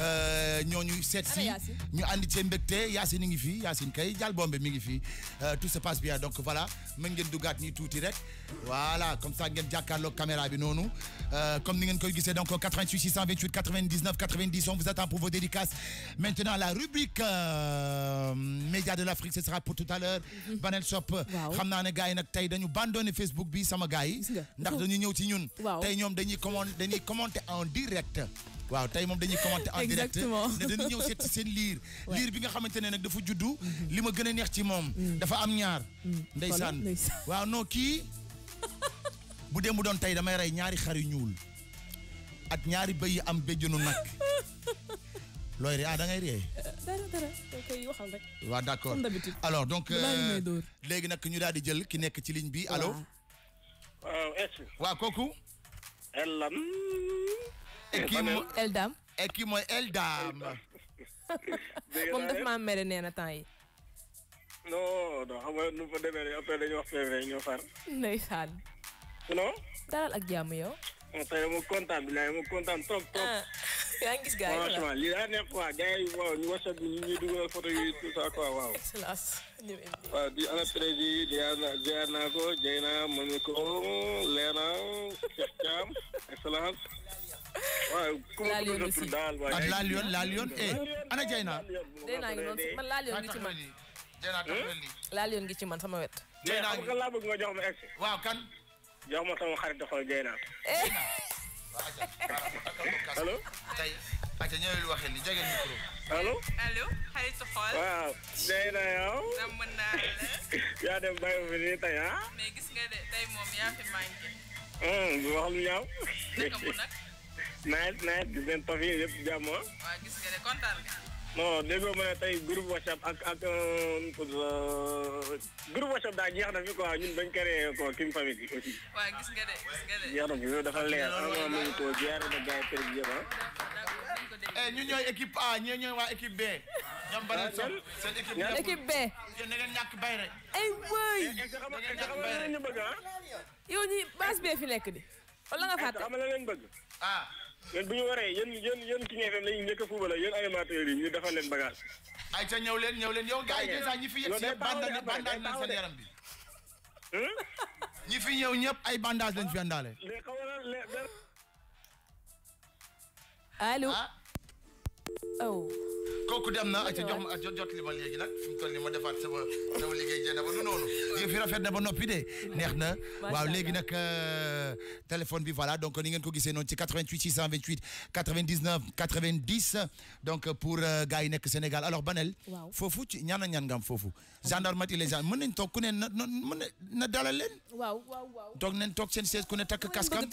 Euh, ñooñu seet si ñu andi ci mbégte ngi kay euh, tout se passe bien donc voilà ngeen voilà comme ça ngeen caméra bi euh, comme ni ngeen koy donc 88 628 99 90 on vous attend pour vos dédicaces maintenant la rubrique média de l'Afrique ce sera pour tout à l'heure mhm. Banel Shop xam naa gars dañu Facebook bi sama ndax dañu ñëw ci ñun comment dañuy commenter en direct waaw tey moom dañuy commenter en direct ne dañu ñëw seet seen liir liir bi nga xamante ne nag dafa juddu mm-hmm. li ma gën a neex ci moom mm. dafa am ñaar mm. ndeysaan waaw non kii bu dee mu doon tey damay rey ñaari xar yu ñuul ak ñaari bëy yi am béjjënu nag looy ree ah da ngay ree dara dara koy d'accord donc euh, léegi nag ñu daal di jël ki nekk ci ligne bi allo waaw euh, est waaw kooku Eldam et kii mooy Eldam. moom daf maa mere nee na temps yi. non non xam nga nu fa demee nii après dañuy wax PV ñoo far. ndeysaan. non. dalal ak jàmm yow. tey kontaan bi laay mu kontaan trop trop. Ah, yaa ngi gis gars yi la franchement lii daa waaw ñu whatsapp bi ñu ñuy dugal photo yi tout ça quoi waaw. excellence. waaw di ana président di ana ko jëy naa mën ko lalion ku ma bëgg a tur daal waaye. laa liyoon laa liyoon eh ana Jeyna. Jeyna ngi noonu man laa liyoon ngi ci man. Jeyna taxawal lii. laa liyoon ngi ci man sama wet. Jeyna ngi kan laa bëgg nga jox ma egg waaw kan. jox ma sama xarit dafa Jeyna. allo. tey aca ñëwee waxee li jege micro. allo. allo xaritu xool. waaw. Jeyna yow. namm naa la. yaa dem bàyyi fi nii tey ah. mais gis nga de tey moom yaa fi manqué. waxal ñaaw. naka mu nag nawet nawet gis ngeen toog yi yëpp jàmm ah. waaw gis nga de kontaan nga. non déggoo ma ne tey groupe whatsapp ak ak um, uh, groupe whatsapp daa jeex na fi quoi ñun bañ créé ko kim famille bi aussi. waaw gis nga de gis nga de. jeex na fi loolu dafa leer xam nga mu ngi ko jaare na gars yi tey jëm ah. Eh, ñu ñooy équipe A ñee ñooy waa équipe B. ñoom bari seen seen équipe ñoom équipe B. yéen da ngeen ñàkk bay rek. ay waay. da ngeen ñàkk bay rek yow ñi base bee fi nekk di. wala nga fàtte xam nga leen bëgg. ah. yéen bu ñu waree yéen yéen yéen King FM lañuy njëkk a fuubala yéen animateurs yi ñu defal leen bagage. ay ca ñëw leen ñëw leen yow gars yi dèjà ñi fi yegg si yëpp bandage bandage nañ seen yaram bi. ñi fi ñëw ñëpp ay bandage lañ fi àndaale. allo. aw oh. kooku dem na ak jox ma jot li ma léegi nag fi mu ma defaat sama sama liggéey jënd ba du noonu fi rafet na ba nopi de neex na waaw léegi nag euh, téléphone bi voilà donc ni ngeen ko gisee non ci 88 628 99 90 donc euh, pour euh, gaay nek Sénégal alors Banel fofu ci ñana ñan ñaan fofu am foofu gendarmerie les gens meun nañ tok ku ne na na dalal len waaw waaw waaw tok nañ tok sen chaise ku ne takk kaskam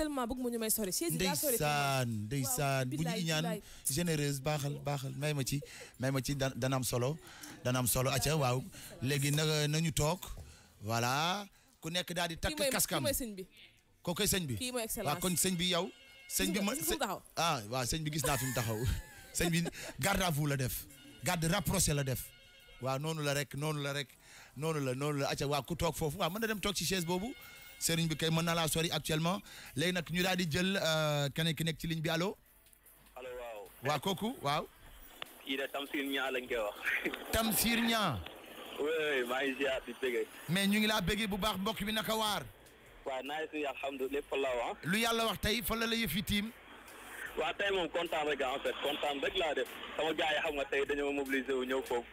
ndeysaan ndeysaan bu ñi ñaan généreuse ba baaxal baax may ma ci may ma ci dana am solo dana am solo acca waaw léegi na ñu toog voilà ku nekk daal di takk kaskam koo koy sëñ bi waaw kon sëñ bi yow sëñ bi ma ah waaw sëñ bi gis naa fi taxaw sëñ bi garde à vous la def garde rapproché la def waa noonu la rek noonu la rek noonu la noonu la acca ku toog foofu waaw mën na dem toog ci chaise boobu sëriñ bi kay mën na laa sori actuellement léegi nag ñu daal di jël euh, keneen ki nekk ci ligne bi allo waaw kooku waaw. kii de Tamsir Niang lañ koy wax. Tamsir Niang. oui maa ngi ziar di bëggee. mais ñu ngi laa bëggee bu baax mbokk bi naka waar. waaw naa ngi alhamdulilah fa la wax. lu yàlla wax tey fa la la yëfi tiim. waaw tey moom kontaan rek en fait kontaan rek laa def sama gars yi xam nga tey dañoo mobiliser wu ñëw foofu.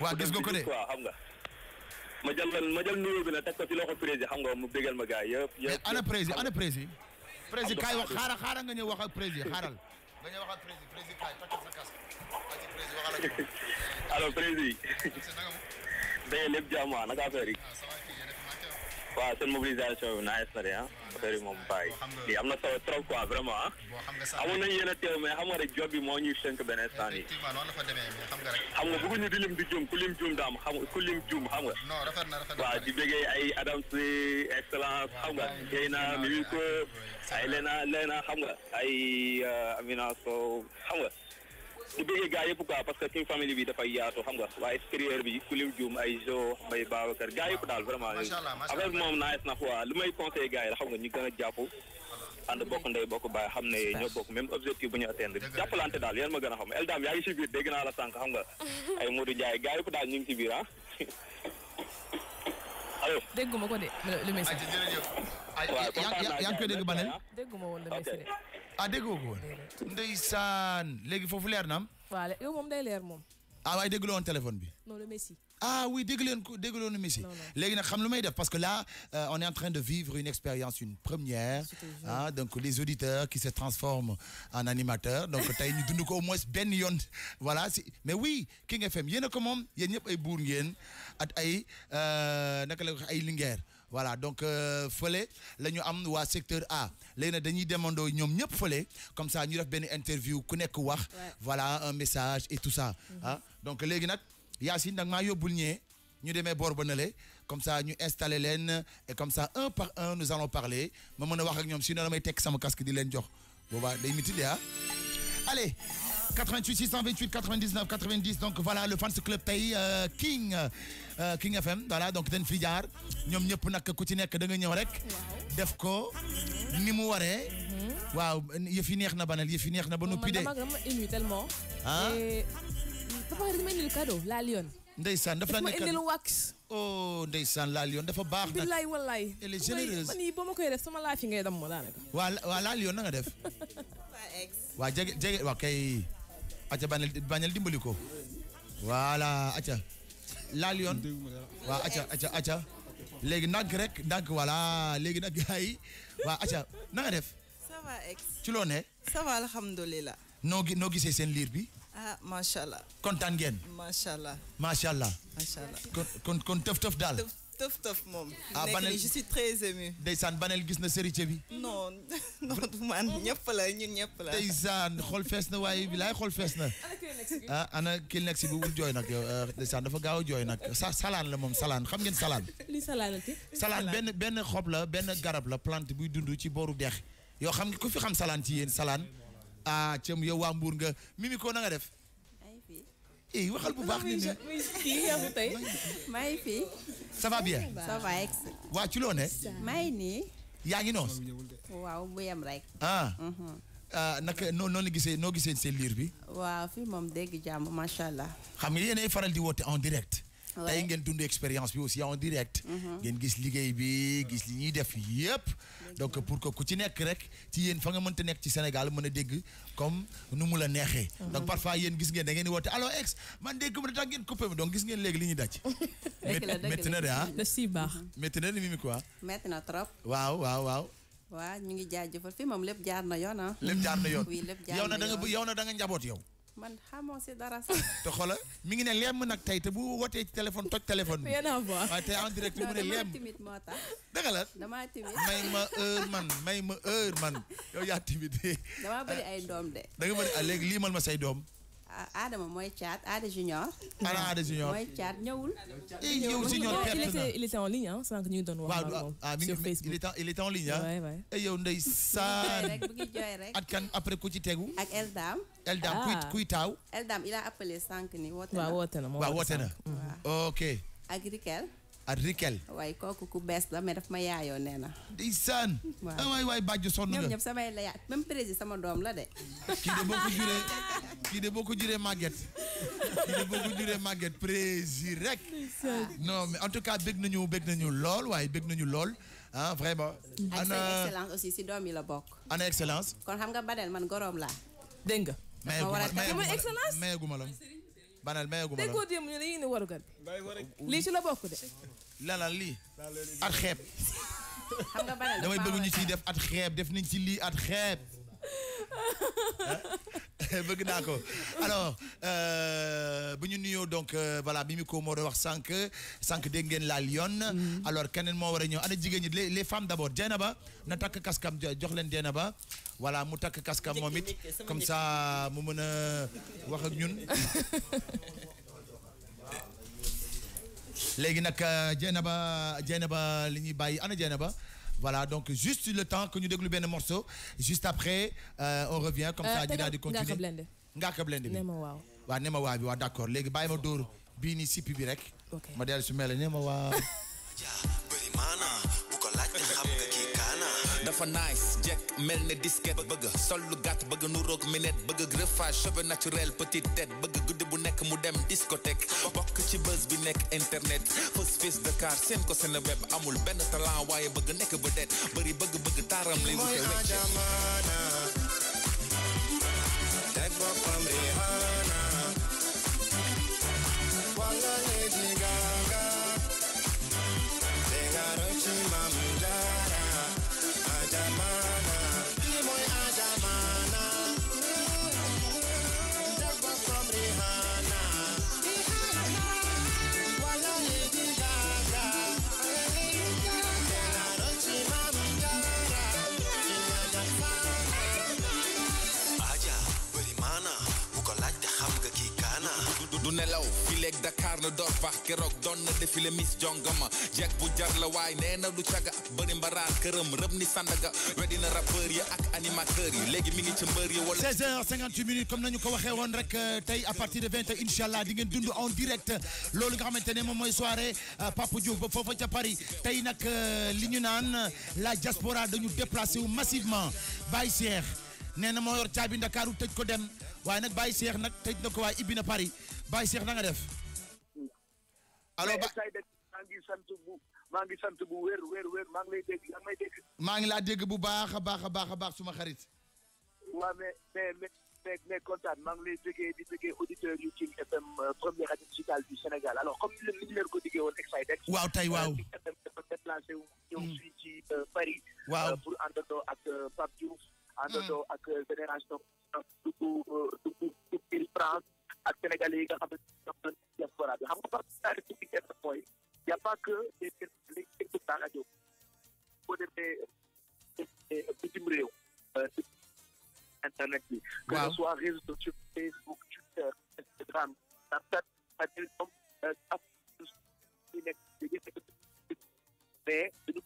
waa gis nga ko de waaw nga. ma jël ma jël numéro bi nag teg ko ci loxo président xam nga mu bégal ma gars yëpp. ana président ana président. président kaay wax xaaral xaaral nga ñëw wax ak président xaaral. allo président. da ngeen lépp jàmm naka affaire yi. Ah, waaw seen mobilisation bi naaj na de ah. affaire yi moom bàyyi. lii am na solo trop quoi vraiment ah. amoon nañu yéen a teew mais xam nga rek job bi moo ñuy sënk benn instant yi. xam nga bëgguñu di lim di juum ku lim juum daam xam ku lim juum xam nga. non rafet na rafet na waaw di bëggee ay Adam si excellence xam nga. yéen a mi ngi ko ay Lena Lena xam nga ay euh, Amina Sow xam di bëggee gars yëpp quoi parce que team family bi dafa yaatu xam nga waa extérieur bi Kulim Dioum ay Jo Mbaye Babacar gars yëpp daal vraiment affaire bi moom nice na quoi li may conseillé gars yi la xam nga ñu gën a jàpp ànd bokk ndey bokk baay xam ne ñoo bokk même objectif bu ñu atteindre jàppalante daal yéen ma gën a xam Eldam yaa ngi si biir dégg naa la sànq xam nga ay Modou Ndiaye gars yëpp daal ñu ngi si biir ah allo dégguma ko de lu may si waaw yaa ngi koy dégg Banel dégguma woon lu may si de ah déggoo ko woon. ndeysaan léegi foofu leer na am. waaw yow moom day leer moom. ah waaye déglu woon téléphone bi. non le Messi. ah oui déglu leen ko déglu woon Messi. léegi nag xam lu may def parce que là euh, on est en train de vivre une expérience une première. ah donc les auditeurs qui se transforment en animateurs donc tey ñu dund ko au moins benn yoon. voilà si mais oui King FM yéen a ko moom yéen ñëpp ay buur ngeen at ay euh, naka la wax ay Linguère voilà donc feulé nous sommes am wa secteur A Nous dañuy demandoo ñom ñëpp feulé comme ça ñu def ben interview ku nekk voilà un message et tout ça. Mhm. Ah. donc légui nak Yacine nak ma yobul ñé ñu démé bor ba comme ça ñu installons lène et comme ça un par un nous allons parler ma voir wax ak ñoom sinon damay tek sama casque di lène jox boba day ah. allez 88 628 99 90 donc voilà le fans club pays euh, King. King FM voilà donc dañ fi jaar ñoom ñëpp nag ku ci nekk da nga ñëw rek def ko ni mu waree waaw yëf yi neex na banal yëf yi neex na ba noppi de tellement ah papa dañ ma indil cadeau la lion ndeysaan daf la nekk indil wax oh ndeysaan la lion dafa baax nag billaay wallaay elle est généreuse man yi boo ma koy def sama laa fi ngay dam daanaka waa waa la lion nga def waa jege jege waa kay aca banal bañal dimbali ko voilà aca laal yoon waaw acca acca acca léegi ndànk rek ndànk voilà léegi nag gars waa waaw acca na nga def. ça va ne. ça va noo gi noo gisee seen liir bi. ah macha allah. kontaan ngeen. macha allah. macha allah. macha allah kon kon kon tëf tëf daal. tëf tëf moom. ah Banel je suis gis na sérité bi. non non man ñëpp la ñun ñëpp la. xol fees na waaye bilaay xol fees na. ah ana kil nekk bi wul jooy nag yow ah, dafa gaaw a jooy nag sa salaan la moom salaan xam ngeen salaan. li salaan benn benn xob la benn garab la plante buy dund ci booru dex. yoo xam nga ku fi xam salaan ci yéen salaan ah cëm yow waa Mbour nga mimi ko def. eh waxal bu baax. ni ne tey. maa ngi fi. ça va bien. waa ci loo ne. maa ngi nii. yaa ngi noos. waaw bu yem rek. Ah. Mhm. ah. naka noo noo gisee noo gisee seen liir bi. waaw fii moom dégg jàmm macha allah. xam nga yéenay faral di woote en direct. tey ngeen dund expérience bi aussi en direct. Mhm. ngeen gis liggéey bi gis li ñuy def yëpp. donc pour que ku ci nekk rek ci yéen fa nga mënta nekk ci Sénégal mën a dégg comme nu mu la neexee. Mhm. donc parfois yéen gis ngeen da ngeen di woote allo man dégg mu ne tax ngeen coupé donc gis ngeen léegi li ñuy daj. dëgg na de ah. da si baax. métti na ni mi quoi. métti na trop. waaw waaw waaw. waaw ñu ngi jaajëfal fii moom lépp jaar na yoon ah. lépp jaar na yoon. lépp jaar na yoon yow na da nga njaboot yow. man xamoo si dara sax. te xoolal mu ngi ne lem nag tey te bu wootee ci téléphone toj téléphone bi. yéen a waaw te en direct mu ne lemm. timide moo tax. la damaa may ma heure man may ma heure man yow yaa timide. damaa bëri ay doom de. da nga bëri ah, léegi lii mal ma say doom. Adama moy chat Ada Junior. ana Junior eh, il était en ligne hein, sans que ñu donne ah, sur Facebook il était en ligne et hein. on eh, yow après ci Eldam. Eldam ah. Eldam il a appelé sank ni mm-hmm. ok. Agricole a Rikel. waaye kooku ku bees la mais daf ma yaayoo nee na. ndeysaan. waaw waay waay son sonn nga. ñoom la yaay même président sama doom la de. kii de boo kii de boo ko juree màgget kii de boo ko juree màgget rek. non en tout cas bëgg nañu bëgg nañu lool waaye bëgg nañu lool. ah vraiment. si doom yi la bokk. ana excellence. nga Badel man goroom laa. dégg nga. banal mayaguma la déggoo démb ñu ne indi warugal bi lii ci la bokk de lalal lii at xeeb damay bëgg ñu ciy def at xeeb def nañ ci lii at xeeb bëgg naa ko alors euh, bu ñu nuyoo donc euh, voilà Mimiko moo doon wax sànq sànq dégg ngeen la Lyon. Mm-hmm. alors keneen moo war a ñëw ana jigéen ñi les femmes d'abord ba na takk kaskam jox leen ba voilà mu tak casque momit comme ça mu meuna wax ak ñun. légui nak euh, Dieynaba Dieynaba li ñuy bayyi ana jenaba voilà donc juste le temps que ñu déglu benn morceau juste après euh, on revient comme euh, ça ñu daal di continuer Ngaaka Blindé bi waaw wa ma waaw bi wa d'accord léegi bàyyi ma dóor bii nii sippi bi rek ma dellu su mel ne ma waaw. dafa nice jack melne ne disket bëgg sol gat gàtt bëgg nu rok minet bëgg greffage cheveux naturel petite tête bëgg guddi bu nek mu dem discothèque bok ci buzz bi nek internet fës de car sen ko sen web amul ben talent waaye bëgg nekk vedette bëri bëgg bëgg taram lay wuté wéccé Dakar nu door fax keroog doon défilé Miss Jongama jeeg bu jar la waay néna na du caga bëri mbaraan këram rëb ni Sandaga weddina rappeur yi ak animateur yi légui mi ngi ci mbeur yi wala 16 h 58 minutes comme nañu ko waxé won rek euh, tay à partir de 20 heures incha di ngeen dund en direct lolu nga xamante ne moy soirée euh, Papa Diouf ba foofa ca Paris tay nak euh, li ñu naan la diaspora dañu déplacer wu massivement Baye Cheikh néna mo moo yor caabi Ndakaaru tëj ko dem waaye nak Baye Cheikh nak tëj nako way ibina Paris Baye Cheikh na nga def alors ba maa ngi sant bu maa ngi sant bu wér wér wér maa ngi lay dégg maa ngi laa dégg bu baax a baax a baax a baax suma xarit. waaw mais mais mais mais kontaan maa ngi lay déggee di déggee auditeurs yu King FM euh, première radio digitale du Sénégal alors comme ni ñu leen ko déggee woon Excidex. waaw tey waaw King FM dafa déplacé wu. ñëw hmm. fii ci euh, Paris. waaw euh, pour àndandoo ak Pape hmm. ak génération. dugg dugg dugg France ak sénégalais yi nga xam que ce soit réseaux sociaux, Facebook, Twitter, Instagram, Snapchat, euh, mais dañu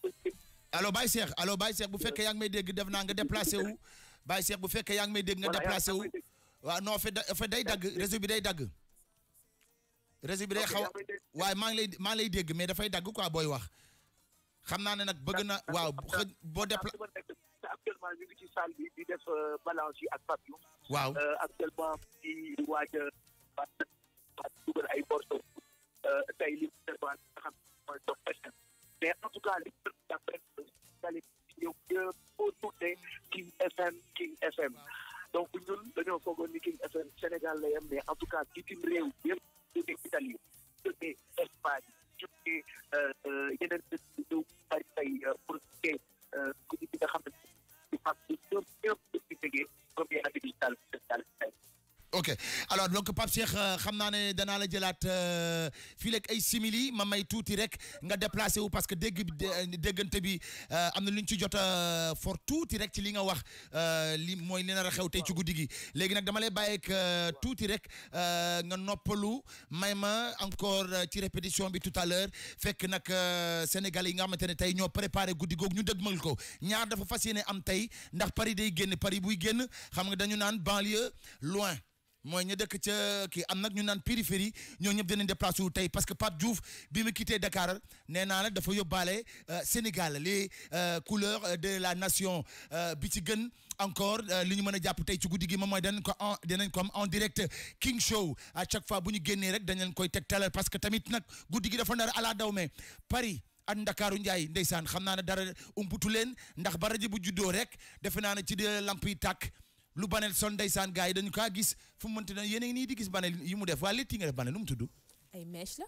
koy. allo Baye Cheikh allo Baye Cheikh bu euh, fekkee yaa ngi may dégg def naa nga déplacé wu Baye Cheikh bu fekkee yaa ngi may dégg nga déplacé wu waaw non fa fa day dagg réseau bi day dagg. réseau bi day xaw waaye maa ngi lay maa lay dégg mais dafay dagg quoi boy wax xam naa nak nag bëgg na waaw bo boo déplacé. actuellement ñu ngi ci salle bi di def euh, balance ak Pape waaw euh, actuellement ci waaj a dugal ay morceau euh, tey li nga xam en tout cas li ñëw ñëpp boo tuddee King FM King FM donc ñun dañoo foogoon ni King FM Sénégal la yem mais en tout cas bitim réew alors donc pap Cheikh euh, xam né da na la jëlat euh, fii leeg ay simili ma may touti rek nga déplacer wu parce que dégg déggante bi euh, amna na ci jot a for tuuti rek ci li nga wax li moy li nar a xew tey ci guddi gi léegi nag dama lay ak touti rek nga noppalu may ma encore ci répétition bi tout à l'heure fekk nak Sénégal yi nga xamante ne tey ñoo préparé guddi googu ñu dëgmal ko ñaar dafa fas yéene am tay ndax Paris day génn Paris buy génn xam nga dañu naan banlieue loin moy ñu dëkk ca kii am nak ñu naan périphérie ñoo ñëp dañu déplacé wu tey parce que Pape Diouf bi mu quitter Dakar néna naa la dafa yobalé euh, Sénégal les euh, couleurs euh, de la nation bi ci gën encore li ñu mëna japp tay ci guddi gi mooy ko en danañ ko am en direct King Show à chaque fois bu ñu génnee rek dañ leen koy télé parce que tamit nak guddi gi dafa nar ala daw mais Paris. ak Dakar Njaay ndeysaan xamna na dara umputu leen ndax baraji bu juddoo rek defe na ci lamp yi lu banel son ndeysaan gars yi dañu kaa gis fu mu mënti ne yéen a ngi nii di gis banel yi mu def waa létt yi nga def banel lu mu tudd. ay mèche la.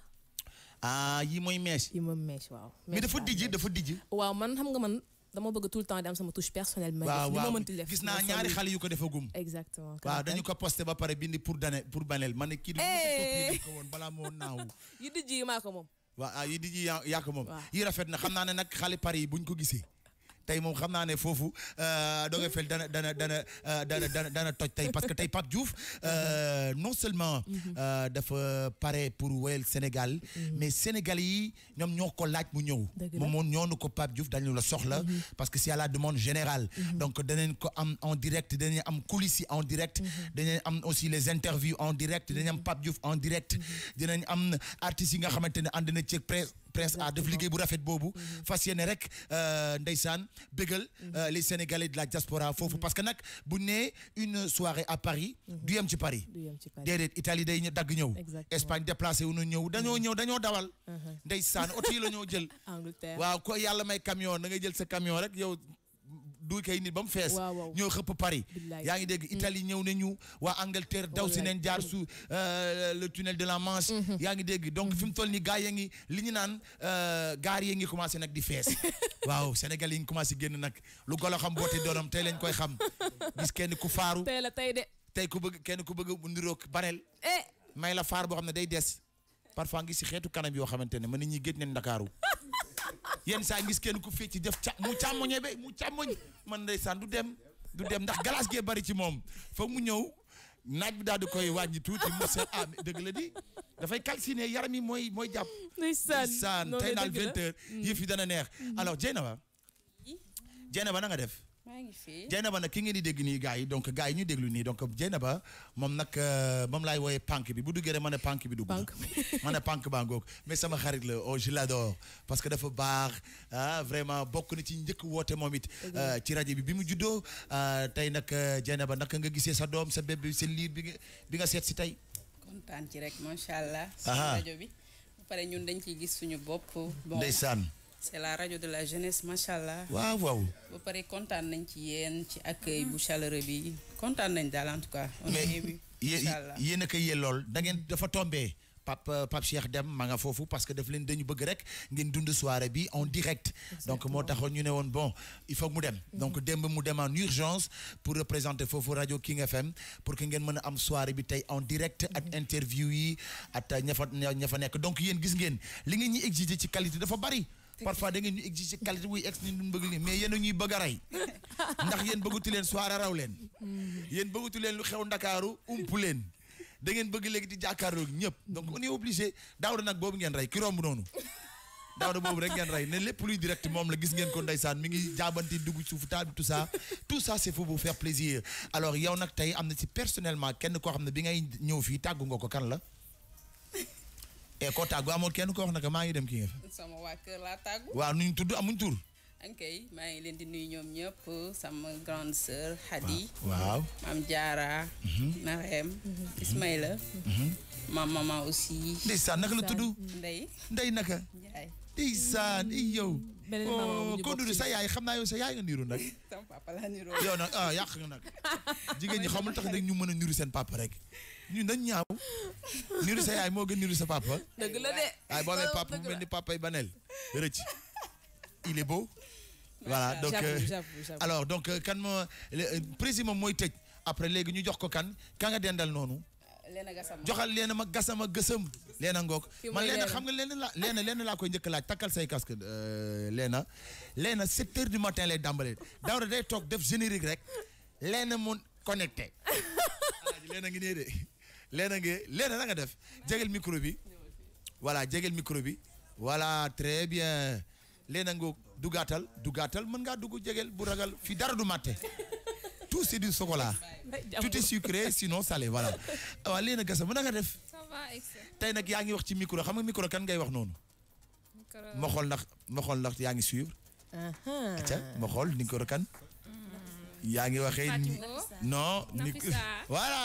ah yi mooy mèche. yi mooy mèche waaw. mais dafa dijji dafa dijji. waaw man xam nga man dama bëgg tout le temps di am sama touche personnelle. ma def li ma mënti def gis naa ñaari xale yu ko defagum. exactement waaw dañu ko posté ba pare bindi pour dane pour banel ma ne. kii du ñu eh. ko woon balaa moo naaw. yi dijji yi maa ko moom. waaw ah yi dijji yaa ko moom. yi rafet na xam naa ne nag xale Paris buñ ko gisee mom xamna né fofu euh foofu Doro Fell dana dana dana euh, dana dana toj tay parce que tey Pape Diouf euh, non seulement mhm. euh, dafa pare pour woyal Sénégal mhm. mais Sénégal yi ñoom ñoo laaj mu ñëw mom ñoonu ko pap Diouf dañu la soxla mhm. parce que c'est à la demande générale donc danañ ko am en direct danañ am coulisses en direct danañ am aussi les interviews en direct danañ am Pape Diouf en direct dinañ am artistes yi nga xamante and na ci presse prince a def liggéey bu rafet Bobu, mhm. fas rek euh, ndeysaan bégal mhm. euh, les sénégalais de la diaspora fofu mhm. parce que nag bu une soirée à Paris du yem ci Paris déedéet Italie day dag ñëw Espagne déplacé wu ñu ñëw dañoo ñëw dañoo dawal ndeysaan auto yi la ñoo jël waaw ko yalla may camion da ngay jël sa camion rek yow du kay nit ba mu fees ñoo xëpp Paris yaa ngi dégg mm-hmm. Italie ñëw nañu waa Angleterre daw si neen jaar su euh, le tunnel de la Manche mm-hmm. yaa ngi dégg donc fi mu toll ni gaa yi ngi li ñu naan euh, gaar yi ngi commencé nag di fees waaw Sénégal yi ngi commencé génn nag lu golo xam boote doonam tey lañ koy xam gis kenn ku faaru tey la tey de tey ku bëgg kenn ku bëgg niroog bareel eh. may la faar boo xam ne day des parfois ngi si xeetu kanam yoo xamante ne mën na ñuy géej Ndakaaru yenn saa ngis kenn ku ci def ca mu càmmoñe be mu càmmoñ man ndeysaan du dem du dem ndax galas gee bari ci moom fa mu ñëw naaj bi daal di koy wàññi tuuti mu seet ah dëgg la di dafay calciner yaram yi mooy mooy jàpp. ndeysaan tey daal vingt heures mm. yëf yi dana neex mm. alors Dieynaba Dieynaba na nga def. maa ngi fi Dieynaba nag ki ngeen di dégg nii gars yi donc gars yi ñu déglu nii donc Dieynaba moom nak euh, moom lay woyé pànk bi bu duggee rek ma ne pànk bi dugg na. ma ne pànk baa ngoog mais sama xarit la oh je l'adore parce que dafa baax ah vraiment bokk na ci njëkk woote moom it. Euh, ci rajo bi bi mu juddoo euh, tey nag Dieynaba naka nga gisee sa doom sa bébé sa liir bi nga bi nga seet si tey. kontaan ci rek macha allah. ci rajo bi ba pare ñun dañ ciy gis suñu bopp. ndeysaan c'est la radio de la jeunesse machallah waouh. waaw waaw. ba pare kontaan nañ ci yéen ci accueil bu chaleureux bi kontaan nañ dal en tout cas. on mais yéen a koy lol. da ngeen dafa tombé. Pape euh, Pape Cheikh Dem ma nga fofu parce que daf leen dañu bëgg rek ngeen dund soirée bi en direct donc moo taxoon ñu néwon bon il faut mu dem mhm. donc démb mu dem en urgence pour représenter Fofu Radio King FM pour que ngeen mën am soirée bi tay en direct ak mhm. interview yi ak ñafa fa ña donc yéen gis ngeen li ngeen ñuy exiger ci qualité dafa bari parfois da ngeen ñu exiger qualité wuy ex ni ñu bëgg nii mais yéen a ñuy bëgg a rey ndax yéen bëggatu leen soirée raw leen mm. yéen bëggatu leen lu xew ndakaaru ump leen da ngeen bëgg léegi di jàkkaarloo ñëpp donc on est obligé daawda nag boobu ngeen rey ki romb noonu daawda boobu rek ngeen rey ne lépp luy direct moom la gis ngeen ko ndeysaan mu ngi jaabanti dugg suufu taal bi tout ça tout ça c'est pour vous plaisir alors yow nag tey am na ci personnellement kenn koo xam ne bi ngay ñëw fii tàggu nga ko kan la e koo tàggu amoon kenn ko wax naka maa ngi dem kii nga sama waa kër laa tàggu waaw nuñ tudd amuñ tur maa ngi leen di nuyu ñoom ñëpp sama grande sœur Hadi waaw maam Diarra mhm. Marème mhm. Ismaïla mhm. maam maman aussi ndeysaan naka la tudd ndey ndey naka ndeysaan i yow oh, ko dudu sa yaay xam naa yow sa yaay nga ah, niru nag sama nga nag jigéen ñi xamul tax dag ñu mën a seen papa rek ñun dañ ñaaw niru sa yaay moo gën niru sa papa. dëgg la de ay boo nee papa mu mel ni papa yi banel rëcc il est beau. voilà donc euh, alors donc euh, kan ma euh, président mooy tëj après léegi ñu jox ko kan ka nga dendal noonu. leena gasama joxal leena ma gasama gësëm. leena ngoog man leena xam nga leena la leena leen laa koy njëkk laaj takkal say casque leena leena 7 heures du matin lay dàmbalee Daouda day toog def générique rek leena mun connecté. leena ngi nee de léena nga léena na nga def jegel micro bi voilà jegel micro bi voilà très bien léena nga dugaatal dugaatal mën ngaa dugg jegel bu ragal fii dara du matte tout c'est du chocolat tout est sucré sinon salé voilà waaw léena gasa mën na nga def tey nag yaa ngi wax ci micro xam nga micro kan ngay wax noonu ma xool ndax ma xool ndax yaa ngi suivre aca ah, ah. ma xool ni ko kan yaa waxe non micro voilà.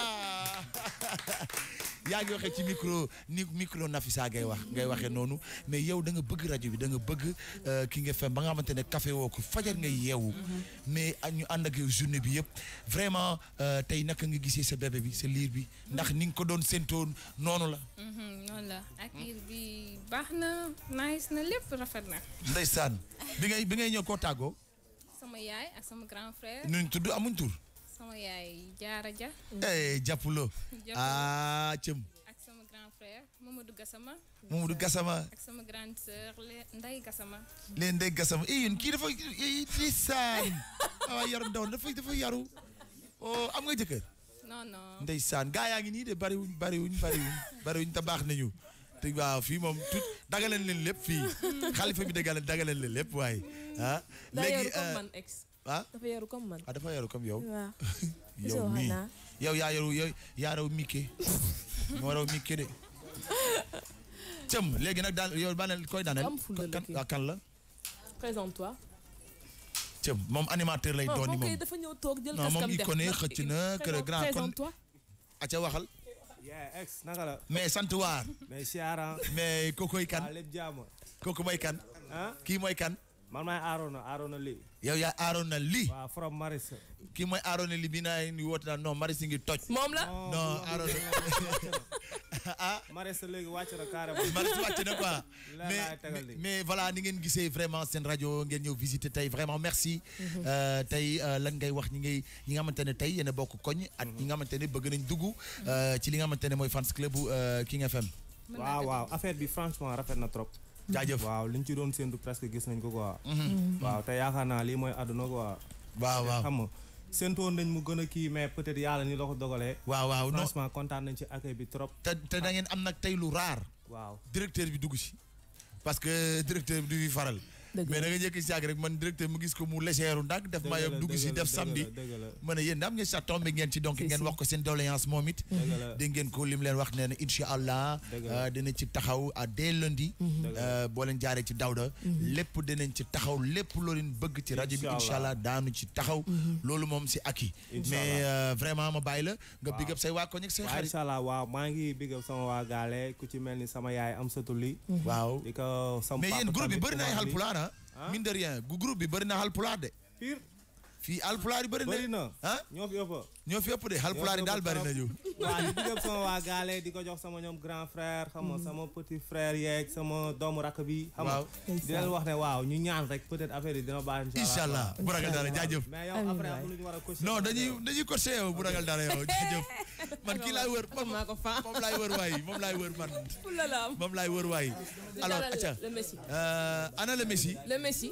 yaa waxe ci micro ni micro Nafisa ngay wax ngay waxe nonou mais yow da nga bëgg radio bi da nga bëgg euh, nga FM ba nga xamantene café woo ko fajar ngay yeewu. Mhm. mais ñu and ak journée bi yépp vraiment euh, tay nak nga gisee sa bébé bi sa liir bi ndax ni nga ko doon séntoon nonou la. Mhm, non la ak liir bi baxna nice na lepp rafet na. ndeysaan bi ngay bi ngay ñëw ko tàggoo. sama yaay ak sama grand frère. nuñ tudd amuñ tur. sama yaay jaara ja. eh japulo. ah cëm. ak sama grand frère Mamadou Gassama. Mamadou Gassama. ak sama grande sœur Ndeye Gassama. lee Ndeye Gassama eh yéen kii dafa di saan. ah yaru ndaw dafa dafa yaru. oh am nga jëkkër. non non ndeysaan gaa yaa ngi nii de baru bariwuñ bariwuñ bariwuñ te baax nañu. te waaw fii moom tout dagaleen leen lépp fii xalifa bi dagaleen dagaleen leen lépp waaye. ah léegi ah dafa yaru ah dafa yaru comme yow. waaw yow mii yow yaa yaru yow yaa raw moo raw Mickey de. cëm léegi nag daal yow baa koy daaneel. kan moom animateur lay oh, doon moom dafa ñëw toog xëcc na kër grand kon aca waxal. mais sant waar. mais siyaara. mais kookoy kan. waaw kan. kii kan. man Arona Arona Arona from Maris. ki moy Arona ni non Maris ngi la non Arona. ah mais mais voilà ni ngeen gissé vraiment seen radio ngeen ñeu visiter vraiment merci. Mhm. Euh, tay euh, lan ngay wax ñi ngay ñi nga tay koñ. at ñi nga bëgg nañ dugg. Mhm. Euh, ci li nga moy fans club King FM. waaw waaw affaire bi franchement rafet jaajëf waaw ñu ci doon séntu presque gis nañ ko ko mm-hmm. waaw te yaakaar naa lii mooy àdduna ko waaw waaw xam nga séntoon nañ mu gën a kii mais peut-être yàlla ni la ko dogalee. waaw waaw non franchement kontaan nañ ci accueil bi trop. te te ngeen am nag tey lu raar. waaw directeur bi dugg ci parce que directeur bi du fi faral. mais da nga jékki si yàgg rek man directeur mu gis ko mu légère ndag def maa yom dugg si def samedi ma ne yéen daam ngeen sa tombé ngeen ci donc ngeen wax ko seen doléance moom it dégg ko lim leen wax nee na allah euh, dina ci taxaw à dès lundi mm-hmm. euh, boo leen jaaree ci Daouda mm-hmm. lépp dinañ ci taxaw lépp loo leen bëgg ci rajo bi incha allah daanu ci taxaw mm-hmm. loolu moom si ak yi mais euh, vraiment ma bàyyi la nga big up say waa ko ak say xarit incha allah maa ngi big up sama waa ku ci mel ni sama yaay am satuli waaw di ko sama mais yéen groupe bi bëri na ay xalpulaar mine de rien gu groupe bi bëri na hal pulaar fii alpulaar yi bëri na bëri na ah ñoo fi ëpp ñoo fi ëpp de alpulaar yi daal bëri na ñu waaw di digëb sama waa gaale di ko sama ñoom grand frère mm. sama petit frère yeeg sama doomu rakk bi xam nga di leen wax ne waaw ñu ñaan rek peut être affaire yi dina baax incha allah bu ragal dara jaajëf mais yow après am lu ñu war a coaché non dañuy dañuy coaché yow bu ragal dara yow jaajëf man kii laay wër maa ko fa moom laay wër waay moom laay wër man moom laay wër waay alors aca euh, ana le Messi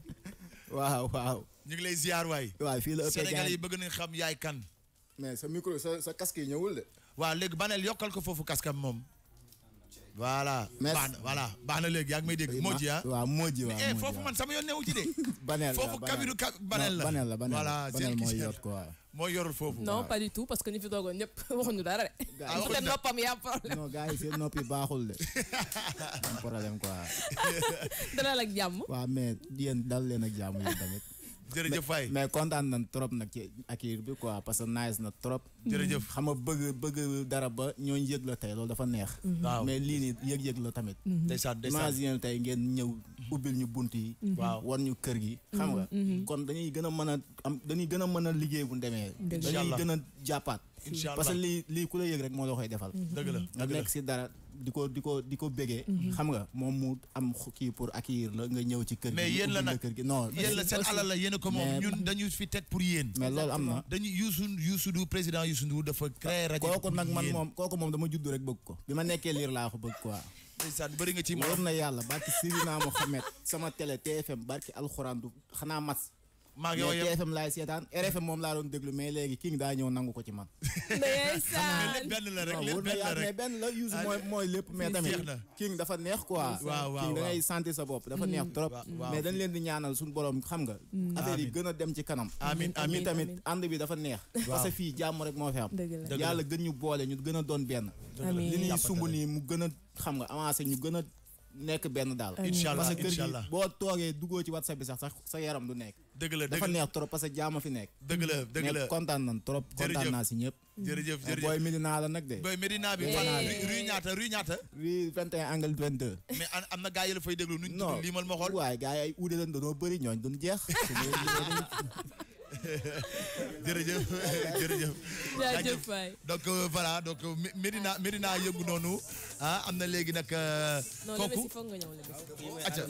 waaw waaw. ñu ngi lay ziar waay. waaw fii la ëppee yi bëgg nañ xam yaay kan. mais sa micro sa sa casque yi ñëwul de. waaw léegi banel yokkal ko foofu casque moom. voilà merci voilà baax na léegi yaa ngi may dégg Modji ah. waaw Modji waaw eh, Modji foofu man sama yoon newu ci de. banel la foofu kabiru ka banel la. banel la banel mooy yor quoi. mooy yorul foofu. non pas du tout parce que ñu fi doogoon ñëpp waxuñu dara de. ah waxuñu dara noppam yaa problème. non gars yi seen noppi baaxul de. am problème quoi. dalal ak jàmm. waaw mais yéen dal leen ak jàmm yéen tamit. jërëjëf waay mais kontaan nañ trop nag ci accueil bi quoi parce que nice na trop. jërëjëf xam nga bëgg bëgg dara ba ñooñu yëg la tey loolu dafa neex. Mhm. waaw mais lii nii yëg-yëg la tamit. Mhm. ndeysaan ndeysaan imagine tey ngeen ñëw ubbil ñu bunt yi. Mhm. war ñu kër gi. xam nga kon dañuy gën a mën a am dañuy gën a a liggéey bu demee. dañuy gën a jàppaat. incha allah parce que lii lii ku la yëg rek moo la koy defal. Mm-hmm. nga nekk si dara di ko di ko di ko bégee. Mm-hmm. xam nga moom mu am kii pour accueillir la nga ñëw ci kër gi. mais yéen la nag non yéen la seen alal la yéen a ko moom ñun dañu fi teg pour yéen. mais loolu am na dañu Youssou Youssou Ndour président Youssou Ndour dafa créé rajo. kooku nag man moom kooku moom dama judd rek bëgg ko. bi ma nekkee liir laa ko bëgg quoi. ndeysaan bëri nga ci moom war na yàlla barki Sirina Mohamed sama télé TFM barki alxuraan du xanaa mas maa ngi woowee TFM laay moom laa doon déglu mais léegi King daa ñëw ko ci man. ndeysaan lépp benn la rek lépp benn la rek mais benn la use ah, dafa neex quoi. waaw waaw King da ngay sentir sa bopp dafa neex mm. trop. mais dañ leen di ñaanal suñu borom xam nga. Mm. affaire yi gën a dem ci kanam. amiin amiin tamit ànd bi dafa neex. parce que fii jàmm rek moo fi am. yàlla gën ñu boole ñu gën a doon benn. li ñuy sumb nii mu gën a xam nga avancé ñu gën a nekk benn daal. incha allah parce que kër gi boo toogee duggoo ci whatsapp bi sax sax sa yaram lu nekk. dëgg la dafa neex trop parce que jaama fi nekk. dëgg la dëgg la kontaan nañ trop. kontaan si ñëpp. jërëjëf jërëjëf booy Medina la nag de. booy Medina bi fanaan rue ñaata rue ñaata. rue 21 angle 22. mais am na gaa yi la fay déglu nuñ tudd limal ma xool. waaye gaa yi ay uude lañ doonoo bëri ñooñ duñ jeex. jërëjëf jërëjëf. jaajëf waay donc euh, voilà euh, Medina Medina noonu ah am na léegi nag. Euh, kooku acca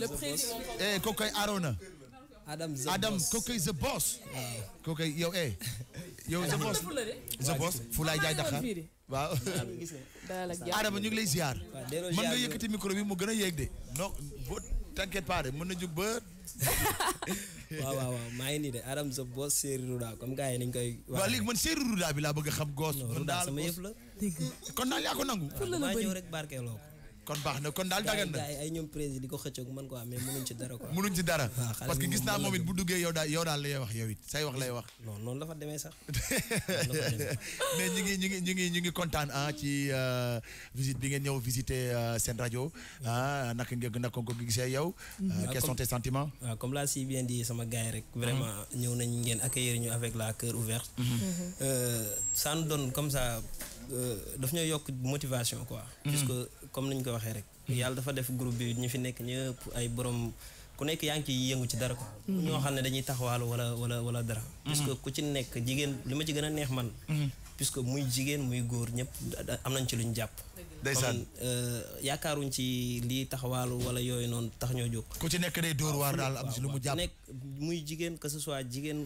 eh, kooku koy Arona. Adam the boss Adam kooku koy the boss. Ah. kooku koy yow eh. the boss the boss Fulay Jaay Dakar waaw. Adama ñu ngi lay ziar. mën nga yëkkati micro mu gën a yéeg de. non boo t'inquiète pas mën na jug ba. waaw waaw maa ngi nii de Adam Zop boos Seeri Ruda comme gars yi nañ koy. waaw man Seeri Ruda bi laa bëgg a xam. goos man daal sama yëf la. kon naa yaa ko maa rek barkeeloo kon baax na kon daal dagan na ay ñom président diko ko man quoi mais mënuñ ci dara quoi mënuñ ci dara ah, parce que gis naa momit bu duggee yow daal yow daal lay wax yow it say wax lay wax non non la fa démé sax mais ñu ngi ñu ngi ñu ngi ñu ngi kontaan ah ci euh, visite bi ngeen ñëw visiter euh, seen radio ah naka ngeug naka ko gisee yow mm-hmm. euh, ah, quels sont tes sentiments ah, comme l'a si bien dit sama gars rek vraiment mm-hmm. ñëw nañ ngeen accueillir ñu avec la cœur ouverte mm-hmm. euh ça nous donne comme ça euh daf ñoo yokk motivation quoi puisque comme nañ ko waxee rek hmm. yàlla dafa def groupe bi ñu fi nekk ñëpp ay borom ku nekk yaa ngi ciy yëngu ci dara ko hmm. ñoo xam ne dañuy taxawaalu wala wala wala dara hmm. que ku ci nekk jigéen li ma ci gën a neex man que muy jigéen muy góor ñëpp am nañ ci luñ jàpp ndeysaan euh, yaakaaruñ ci lii taxawaalu wala yooyu noonu tax ñoo jóg ku ci nekk day dóor waar daal am lu mu jàpp muy jigéen que ce soit jigéen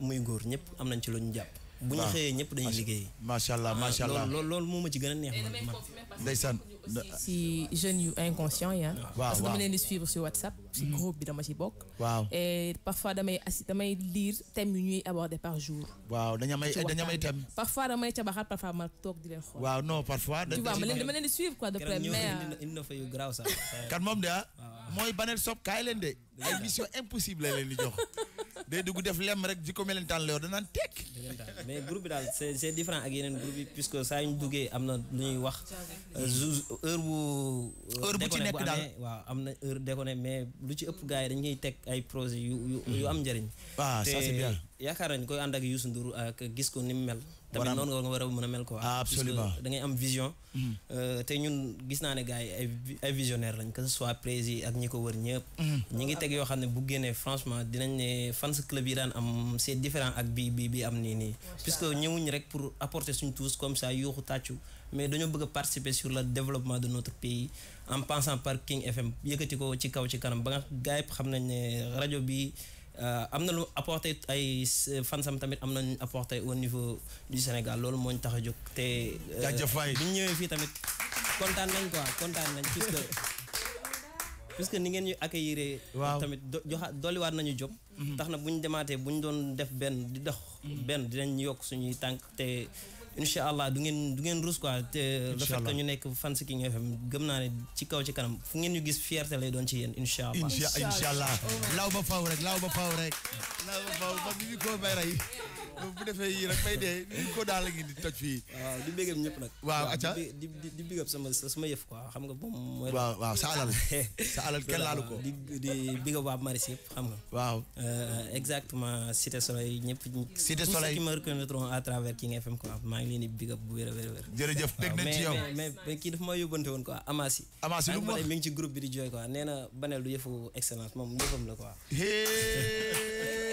muy góor euh, ñëpp am nañ ci luñ jàpp buñu ñu ñep dañuy liggéey. macha allah ah, macha allah loolu loolu moo ma ci gëna neex. ndeysaan si jeune yu inconscient ya ah. parce que dama leen di suivre sur WhatsApp. ci mm-hmm. groupe bi dama ci bokk. waaw et parfois damay assi damay lire thème yu ñuy aborder par jour. waaw dañu may dañu may thème. parfois damay cabaxaat parfois ma tok di leen xol waaw non parfois. tu vois ma leen dama leen di suivre quoi de près mais. indi na fa yu garaaw sax. kan mom de ah? ah. mooy banel sop kay leen de. émission impossible la leen di jox. day dugg def lem rek ji ko melentaan la yor danaan tekk mais group bi daal c'est c'est différent ak yeneen groupe yi puisque saa ñu duggee am na lu ñuy wax euh, heure bu euh, heure bu ci nekk daal waaw am na heure déconné mais lu ci ëpp gars yi dañ dañuy teg ay projet yu yu am njëriñ waaw ah, yaakaar nañ koy ànd ak Youssou Ndour ak gis ko ni mu mel tamit noonu nga war a mën a mel quoi. Ah, absolument da ngay am vision. Mm-hmm. Euh, te ñun gis naa ne gars yi ay ay visionnaire lañ que ce soit prési ak ñi ko wër ñëpp. Mm-hmm. ñi ngi teg yoo xam ne bu génnee franchement dinañ ne fans club yi daan am c'est différent ak bi bi bi am nii nii. puisque ñëwuñ rek pour apporter suñ tous comme ça yuuxu tàccu mais dañoo bëgg a participer sur le développement de notre pays en pensant par King FM yëkkati ko ci kaw ci kanam ba nga gars yëpp xam nañ ne rajo bi. Euh, am na lu apporté ay euh, fansam tamit am nañ apporté au niveau du Sénégal loolu moo ñu tax a jóg te. Euh, jaajëf bi ñu ñëwee fii tamit kontaan nañ quoi kontaan nañ puisque puisque ni ngeen ñu accueillir. waaw tamit joxa dolliwaat nañu jom. Mhm. tax na bu ñu demaatee bu ñu doon def benn di dox. Mhm. benn dinañ yokk suñuy tànk te. inshallah du ngeen du ngeen rus quoi te le fait que ñu nekk fan ci King FM gëm na ne ci kaw ci kanam fu ngeen ñu gis fierté lay doon ci yeen inshallah inshallah, inshallah. law ba faaw rek law ba faaw rek law ba faaw ba ñu ko bay ray bu defé yi rek may dé ñu ko dal ngi di toj fi waaw ah, di bégam ñep nak waaw acca di di big up sama sama yef quoi xam nga moom mooy waaw waaw sa alal sa alal kenn lu ko di di bégam waa maris yëpp xam nga waaw euh exactement cité soleil ñep cité soleil qui me reconnaîtront à travers King FM quoi ngi leen di bu wér a wér a wér jërëjëf teg nañ mais mais kii dafa maa yóbbante woon quoi Amassi Amassi lu groupe bi di jooy quoi nee na Banel du yëfu excellence moom yëfam la quoi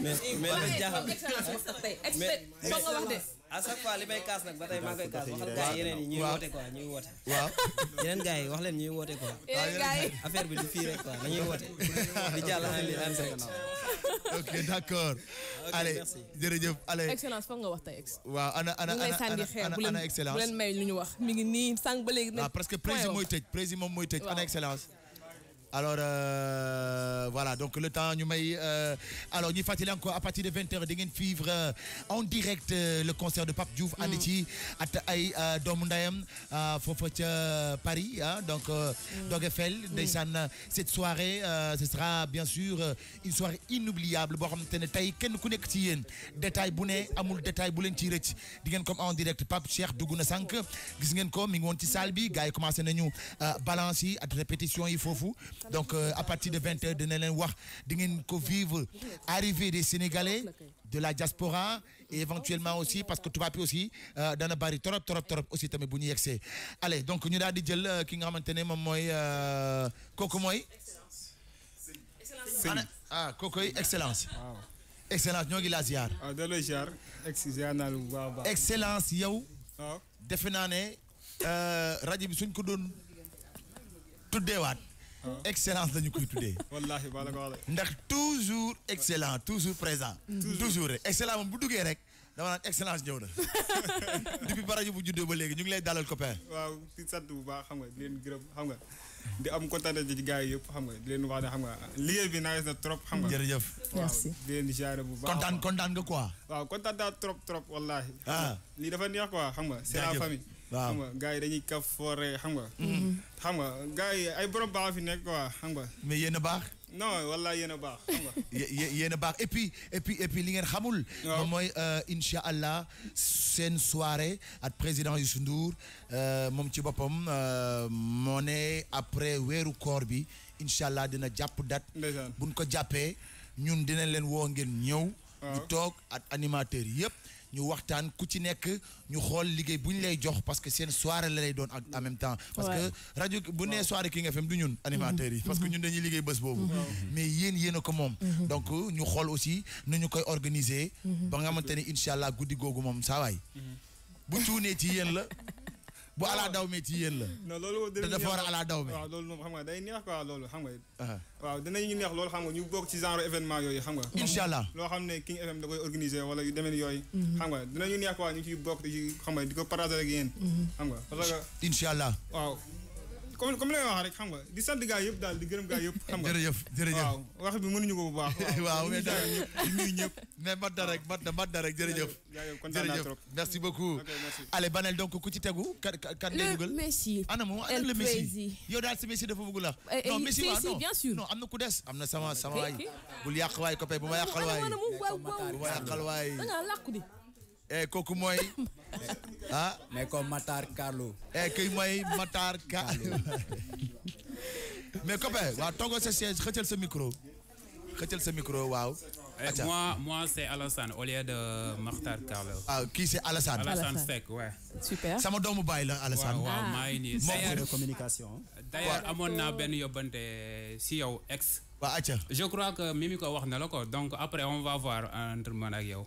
mais mais li jaaxal mais à chaque fois li may kaas nag ba tey maa koy kaas waxal gars yi yeneen yi ñuy woote quoi ñuy woote. waaw yeneen gars yi wax leen ñuy woote quoi. affaire bi du fii rek quoi dañuy woote. di jàll en direct. ok d' accord. allez jërëjëf allez. excellence foog nga wax tey. waaw ana ana ana ana excellence bu leen may lu ñu wax mi ngi nii sànq ba léegi. Ah, presque président mooy tëj président moom mooy tëj ana excellence. alors euh, voilà donc le temps nous met... Euh, alors nous fàttali encore à partir de 20h nous allons vivre euh, en direct le concert de Pape Diouf. à à à ay doomu ndayam Paris hein, donc. Eiffel mm. mm. cette soirée ce sera bien sûr une soirée inoubliable Bon on ne tey kenn ku nekk ci détail bu amoul amul détail bu leen ciy comme en direct Pape Cheikh Douguna Sank sànq gis ngeen ko mi ngi ci salle bi gars yi commencé nañu balancer à répétition yi donc euh, à partir de 20h de Nélène wax di ngeen vivre arrivée des Sénégalais de la diaspora et éventuellement aussi parce que vas plus aussi euh, dana bari torop torop torop aussi tamit bu ñu allez donc nous avons di jël nous euh, nga maintenu mon moi mooy moi. Ah, excellence. ah kookoy excellence excellence ñoo ngi laa ziar ah, excellence yow ah. defe naa ne rajo bi suñ ko Hein? excellence la nous koy tuddee. Wallahi. toujours excellent toujours présent. toujours excellent moom bu duggee rek. dama naan excellence ñëw na depuis baraji bu juddoo ba léegi ñu ngi lay dalal copain. waaw di sant bu baax xam nga di leen gërëm xam nga di am trop. merci di quoi. waaw content trop trop wallahi ah dafa quoi c'est la famille. waaw xam yi dañuy kaf foore xam nga. Mm-hmm. xam nga gars yi ay borom baax fi nekk quoi xam nga. mais yéen a baax. non wallaay yéen a baax yéen a baax et puis et puis li ngeen xamul. waaw moom mooy euh, incha allah seen soirée at président Youssou Ndour euh, moom ci boppam euh, moo ne après weeru koor bi incha allah dina jàpp date. buñ ko jàppee ñun dinañ leen woo ngeen ñëw. ñu toog ak animateurs yëpp. ñu waxtaan ku ci nekk ñu xool liggéey bu ñu lay jox parce que seen soirée la lay doon en même temps parce que rajo bu nee soirée King FM du ñun animateurs yi parce que ñun dañuy liggéey bés boobu mais yéen yéen a ko moom mhm. donc ñu xool aussi nu ñu koy organiser mhm. ba nga xamante ne incha allah guddi googu moom saa mhm. bu cuunee ci yéen la bu ala daw mee ci yéen la. non loolu dinañ dafa war a ala daw loolu moom xam nga day neex quoi loolu xam nga. Ah. waaw dinañ loolu xam nga ñu bokk ci genre événement yooyu xam nga. incha allah loo xam ne King FM yooyu. Mhm. xam nga dinañu neex quoi ñu ciy bokk di xam nga di ko partager ak yéen. Mhm. xam nga parce allah comme comme lay wax rek xam nga di sant gaa yëpp daal di gërëm gaa yëpp. xam nga jërëjëf jërëjëf waaw wax bi mënuñu ko bu baax. waaw rek mat rek jërëjëf. jërëjëf merci beaucoup. ok Banel donc ku ci tegu. kan kan day dugal le Messi. ana moom ana le Messi yow daal si Messi dafa bëgg la. Eh, eh, non am na ku des am na sama sama waay. bul yàq waay copain bu ma yàqal waay. ma yàqal waay. da ngaa làkk di. eh kooku ah mais comme Matar Carlo eh kii moy Matar Carlo mais copain waaw togo ce siège xëccal ce micro xëccal ce micro waaw eh, moi moi c'est Alassane au lieu de Matar Carlo ah qui c'est Alassane Alassane Sec, ouais super Ça doomu mon bail, Alassane Wow. maa ngi de communication d'ailleurs Amona, naa benn yóbbante si yow ex je crois que Mimi ko wax na la donc après on va voir entre moi et yow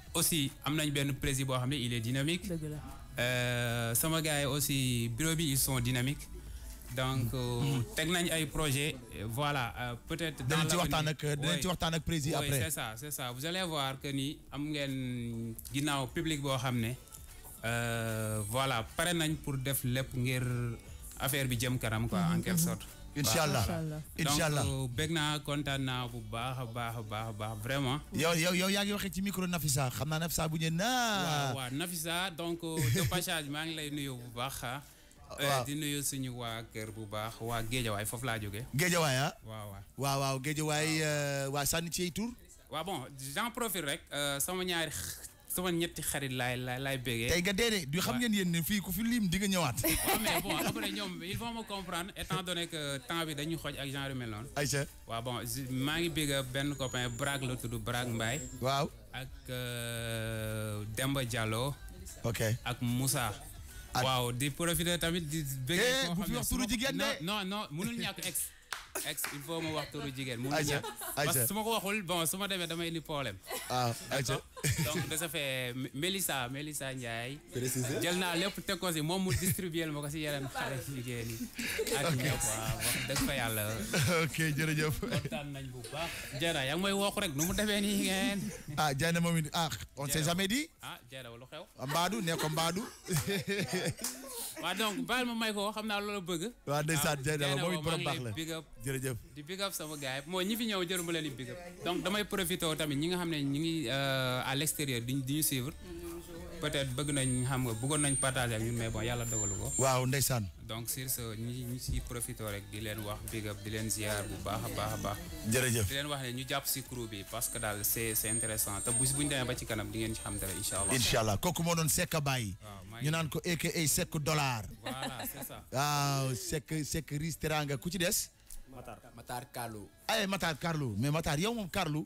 aussi am nañ benn président bo xamné il est dynamique. Euh, sama gars aussi bureau bi ils sont dynamiques. donc euh, mm. mm. tek nañ ay projet voilà euh, peut-être. dans ci waxtan ak dinañ ci waxtan ak président après. c'est ça c'est ça vous allez voir que ni am ngeen ginnaaw public bo xamné euh voilà paré nañ pour def lepp ngir affaire bi jëm karam quoi en mm-hmm, quelque mm-hmm. sorte. incha allah incha allah donc euh, naa kontaan naa bu baax baax a baax a baax vraiment. yow yow yow yaa ngi waxee ci micro Nafisa xam naa Nafisa bu ñëwee naa. waaw waaw Nafisa donc euh, de maa ngi lay nuyu bu baax ah. Ah, euh, di nuyu suñu waa kër bu baax waa waay foofu laa jógee. Géejawaay ah. waaw waaw waa sànni ci waa tur. waaw bon j'en profite rek sama ñaari sama ñetti xarit laay laay laay bégee. tey nga dee du xam ngeen yéen ne fii ku fi lim di nga ñëwaat. ñoom il faut ma comprendre étant donné que temps bi dañuy xooj ak genre mel noonu. ayca waaw bon maa ngi bégg benn copain Brag la tudd Brag Mbaye. waaw ak euh, Demba Diallo. ok ak Moussa. waaw di profiter tamit di. bégee eh, bu fi wax turu jigéen de. non non ñàkk ex. ex il faut ma turu jigéen. ayca parce que su ma ko waxul bon su ma demee damay indi problème. waaw ah, ayca donc de ce naa lépp teg ko si moom mu distribué ma si yeneen xale jigéen yi. yàlla. ok nañ bu baax. Diarra yaa ngi may wooku rek nu mu defee nii ngeen. ah Diarra moom it ah on s'est jamais waaw donc baal ma may ko xam naa loolu bëgg. waaw ndeysaan ah, jërëjëf moom it borom baax di big up sama gars moo ñi fi ñëw jëru leen di big damay profité tamit ñi nga xam ne ñi ngi euh, à l' extérieur di ñu suivre peut-être bëgg nañ xam nga bëggoon nañ partager ak ñun mais yàlla dogalu ko. waaw ndeysaan. donc sur ce ñu si profité rek di leen wax big up di leen ziar bu baax a baax a baax. jërëjëf di leen wax ne ñu jàpp si crew bi parce que daal c'est c'est intéressant te bu bu ñu naan ko AKA Seck dollar. waaw Seck Seck Riis ku ci des. Matar Matar Carlo. ay eh, Matar Carlo mais Matar yow moom Carlo.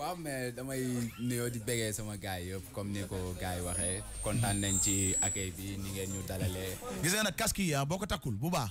waaw mais damay nuyoo di bëggee sama gars yi comme ni ko gars yi waxee kontaan nañ ci ak bi ni ngeen ñu dalale gis nga nag casque yi ah, boo ko takkul bu baax.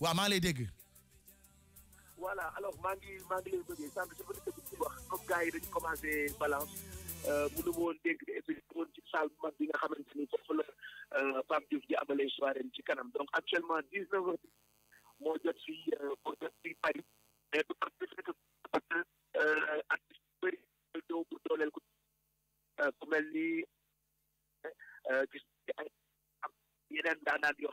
waaw maa ngi lay dégg. voilà alors maa ngi maa ngi lay bëggee sànq si bëri tamit ci wax yi dañu commencé balance euh, mënu ma woon dégg et puis ci salle bu bi nga xamante ni foofu la euh, Pape Diouf di amalee soirée ci kanam donc actuellement dix neuf heures moo jot si euh, moo jot si Paris mais du parce que artiste bëri ñëw pour dooleel ko ku mel ni yeneen daanaan yoo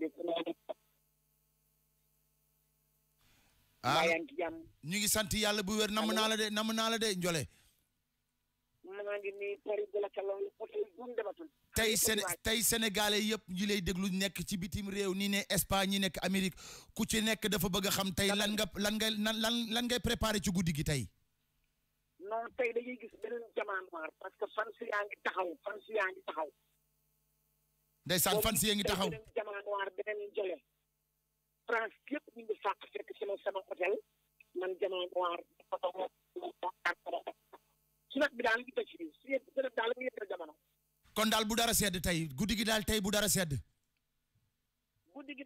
Seydou. ah ñu ngi sant yàlla bu wér nam naa la de namm naa la de Ndiolé. maa tey Séné tey sénégalais yëpp ñi lay déglu nekk ci bitim réew nii ne Espagne ñi nekk Amérique ku ci nekk dafa bëgg a xam tey lan nga lan ngay lan lan ngay préparé ci guddi gi tey. non tey dañuy gis beneen jamono parce que fan si yaa ngi taxaw fan si yaa ngi taxaw. ndeysaan fan si yang ngi taxaw jamaa noir beneen jole France yëpp ñu ngi fàq fekk sama sama hôtel man jamaa bi daal ngi daal ngi kon daal bu dara sedd tay guddi gi daal tay bu dara sedd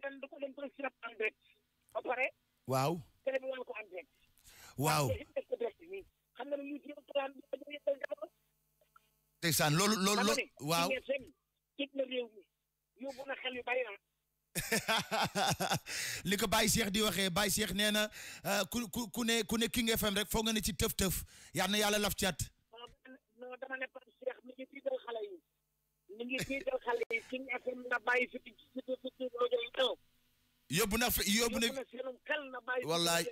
dañ ko len ko sirap rek ba pare waaw tele bi ko rek waaw xam ci bi wow. na yóbbu na xel yu bari na. li ko Baye Cheikh di waxee Baye seex nee na euh, ku ku ku ne ku ne King FM rek foog nga ne ci tëf tëf yal na yàlla laf cat. non dama ne na bàyyi fi ci ci ci yóbbu na fa yóbbu na wallaay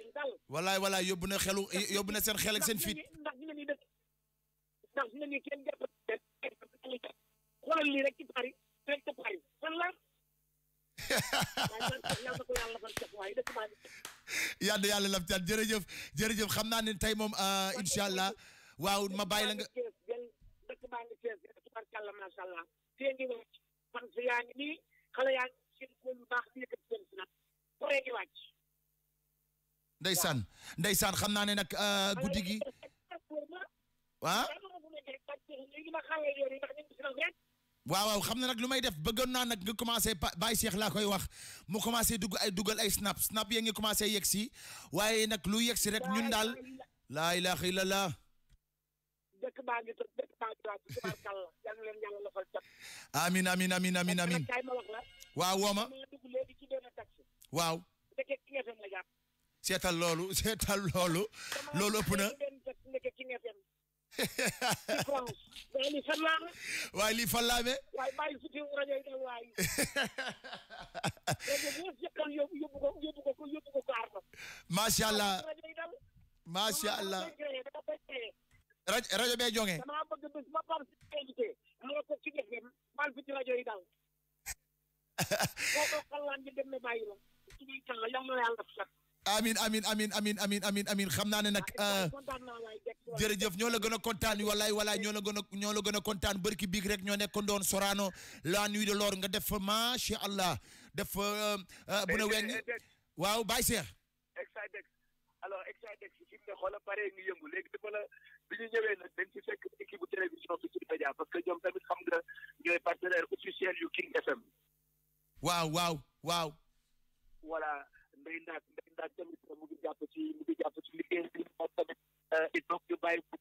wallaay wallaay yóbbu na xelu yóbbu na seen xel ak seen fit. ndax ñu kenn xoolal ren ca Paris fan la. yàlla na yàlla lam jërëjëf xam naa ne tey moom incha allah waaw ma bàyyi la nga. dëkk baa ngi Cees tubarkàlla macha allah tey ngi wàcc fan si yaa ngi nii xale yaa ngi seen kóol yu baax di yëkkati seen xam naa ne nag guddi gi. waaw xam na nag lu may def bëggoon naa nag nga commencé baay seex laa koy wax mu commencé dugg ay dugal ay snap snap yaa ngi commencé yegg waaye nag lu yegg si rek ñun daal laa ilaha illallah dëkk baa ngi toj na leen yàlla lafal amin amin amin waaw wooma waaw seetal loolu seetal loolu loolu ëpp waaye lii fan waaye lii fan laa amee. waaye maa ngi suti rajo yi nag waaye. léegi bu njëkkal yóbbu yóbbu ko allah macha rajo bee joŋe. damaa bëgg bés ma yi daal. amin amin amin amin amin amin amin xam naa ne nag euh, jërëjëf ñoo la gën a kontaan walaay walaay ñoo la gën a ñoo gën a kontaan barki biig rek ñoo nekkoon doon Sorano la nuit de l'or nga def macha allah def bu na weñ waaw Baye Cheikh Exidex alors Exidex fi mu ne xoolal pare ngi yëngu léegi dafa la bi ñu ñëwee nag dañ nday ndaag nday ndaag tamit mu ngi jàpp ci mu ngi jàpp ci liggéey bi moom tamit euh, il faut que ñu bàyyi bu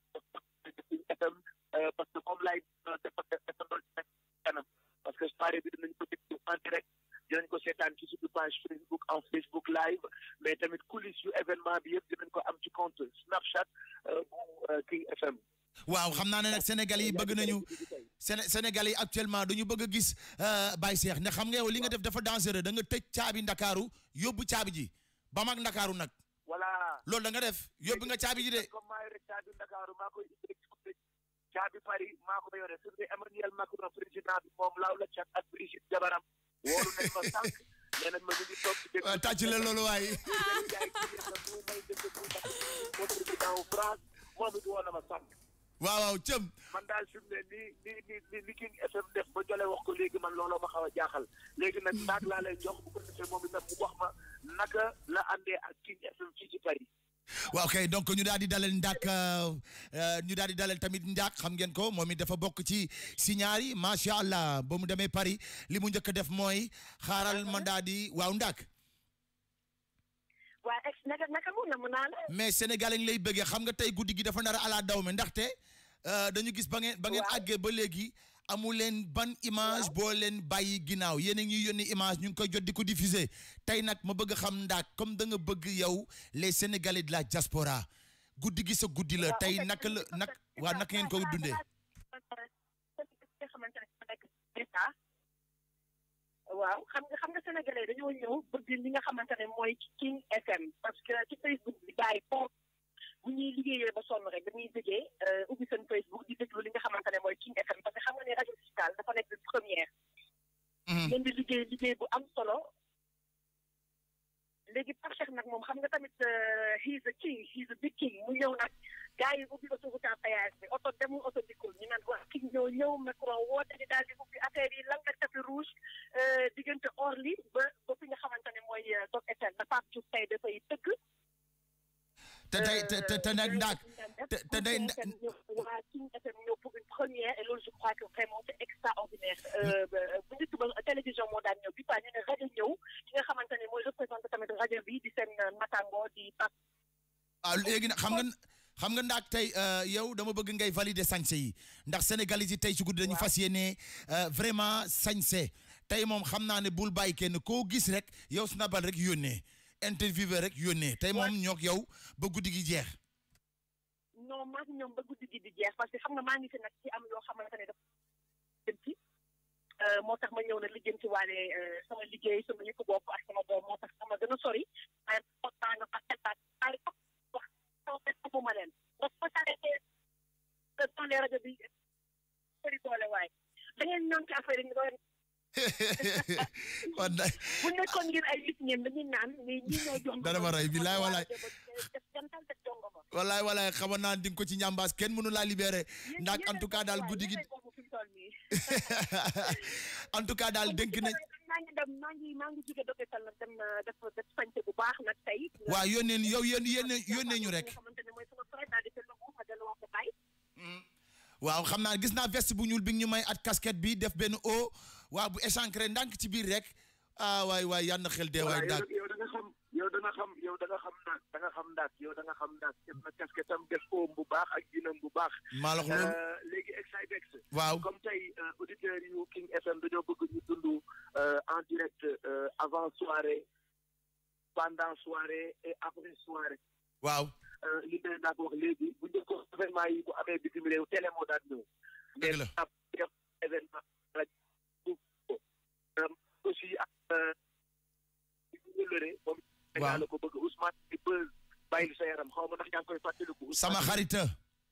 suñu FM parce que moom laay dafa dafa doon ci nag kanam parce que soirée bi dinañ ko déglu en direct dinañ ko seetaan ci suñu page Facebook en Facebook live mais tamit coulisse yu événement bi yëpp dinañ ko am ci compte Snapchat euh, bu euh, kii FM waaw xam naa ne nag Sénégal yi bëgg nañu Sénégal yi actuellement dañu bëgg a gis Baye Cheikh ndax xam nga li nga def dafa dangereux da nga tëj caabi ndakaaru yóbbu caabi ji ba mag ndakaaru nag. voilà loolu da def yóbbu nga caabi ji de. comme maa yore caabi ndakaaru maa koy la cat ak Brigitte Jabaram wóolu nañ loolu waaye. waaw waaw cëm. man daal fi mu ne nii nii nii def ba Jole wax ko léegi man looloo ma xaw a jaaxal léegi nag naag hmm. laa lay jox bu ko moom itam mu wax ma naka la àndee ak King FM fii ci Paris. waaw kay donc ñu daal di dalal Ndack euh, euh, ñu daal di dalal tamit Ndack xam ngeen ko moom it dafa bokk ci signaar yi macha allah ba mu demee Paris li mu njëkk a def mooy xaaral ma daal di waaw Ndack. namu naa mais Sénégal lay bëggee xam nga tey guddi gi dafa nar a ala daw me ndaxte euh, dañu gis ba ngeen. ba ngeen àggee ba léegi. amu leen ban image boo leen bàyyi ginnaaw yéen a ngi yónni image ñu ngi koy jot di ko diffuser tey nag ma bëgg xam ndaak comme da nga bëgg yow les sénégalais de la jaspora guddi gi sa guddi la tey naka la nag waa naka ngeen ko dundee. Euh, waaw xam nga xam nga sénégalais dañoo ñëw bëgg li nga xamante ne mooy King FM parce que ci Facebook bi bàyyi bu ñuy liggéeyee ba sonn rek dañuy bëggee euh, ubbi seen Facebook di déglu li nga xamante ne mooy King FM parce que xam nga ne rajo digital dafa nekk première. Mm-hmm. ngeen di liggéey liggéey bu am solo. léegi Pape Cheikh nag moom xam nga tamit he is a king he is a big king mu ñëw nag gars yi ubbi autoroute à péage bi oto demul oto dikkul ñu naan waa king ñoo ñëw Macron woote ni daal di ubbi affaire yi lan nga tapis rouge diggante Orly ba ba fi nga xamante ne mooy Dog Ethel na Pape Diouf tey dafay tëgg. te tey te te te nag naag te te day. waa King FM ñëw pour une première et loolu je crois que vraiment c'est extraordinaire bu njëkk ba télévision moo daan ñëw Matango di Pape. waaw ah, léegi nag xam nga xam nga ndax tey euh, yow dama bëgg ngay valider sañse yi ndax sénégalais yi tey ci guddi dañu fas yéene euh, vraiment sañse tey moom xam naa ne bul bàyyi kenn koo gis rek yow snabal rek yónnee interviewé rek yónnee tey moom ñook yow ba guddi gi jeex. non maa ñoom ba guddi xam nga maa ngi fi nag loo xamante ne Euh, moo tax ma ñëw na lijjanti waale euh, sama liggéey sama yëfu bopp ak sama doom moo tax sama gën a sori waaye kontaan nga parce que ay wax sama ma leen ba soo saaree tollee rajo bi sori da ngeen ñoom ci affaire yi ñu doon kon nag bu nekkoon ngir ay nit ñeen dañuy naan mais ñi ñoo jox dara ma rey wallaay xamoon naa di ko ci ñambaas kenn mënu laa libéré ndax en daal guddi gi sol en tout cas daal dénk nañ. maa ngi dem maa ngi maa ngi jóge dootal nag dem ah, def def sant bu baax nag tey. waaw yónnee yow yónnee yónnee ñu rek. Hmm. waaw xam naa gis naa veste bu ñuul bi ñu may at casquette bi def benn o waaw bu échancré ndànk ci biir rek ah waay waay yàlla na xel dee waay. waaw yow da nga xam yow da nga xam naat da nga xam naat yow da nga xam naat def na casquette am def oom bu baax ak jinam bu baax. maalox loolu euh, léegi Exidex. waaw comme tey euh, auditeurs yu King FM dañoo bëgg ñu dund euh, en direct euh, avant soirée pendant soirée et après soirée. waaw. li nga daa ko wax léegi bu njëkk ko événement yi bu amee bitim réew télé moo daan ñëw. dëgg la mais événement rajo aussi ak. sama xarita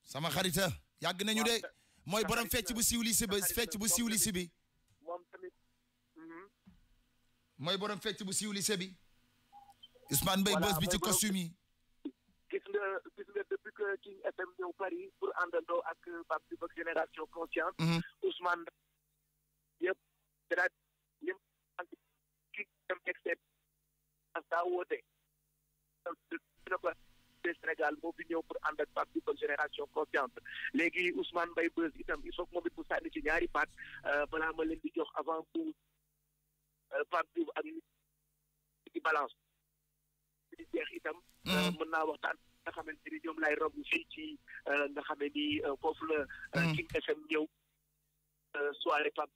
sama xarita yàgg nañu de mooy borom fecc bu siiw lisi bi fecc bu siiw lisi bi mooy borom fecc bu siiw bi Ousmane Mbaye bës bi ci costume yi gis nga gis nga depuis que King FM ñëw Paris pour àndandoo ak Pape Diouf ak génération conscience Ousmane yëpp dara ñëpp King FM except ak daa woote dina ko Sénégal moo fi ñëw pour ànd ak parti ba génération confiante léegi Ousmane Mbaye Beuz itam il faut moom it mu sànni ci ñaari baat euh, balaa ma leen di jox avant pour euh, parti ak balance itam euh, mm-hmm. mën naa waxtaan nga xamante ni ñoom lay romb fii ci nga xame ni foofu la mm-hmm. King FM ñëw soirée Pape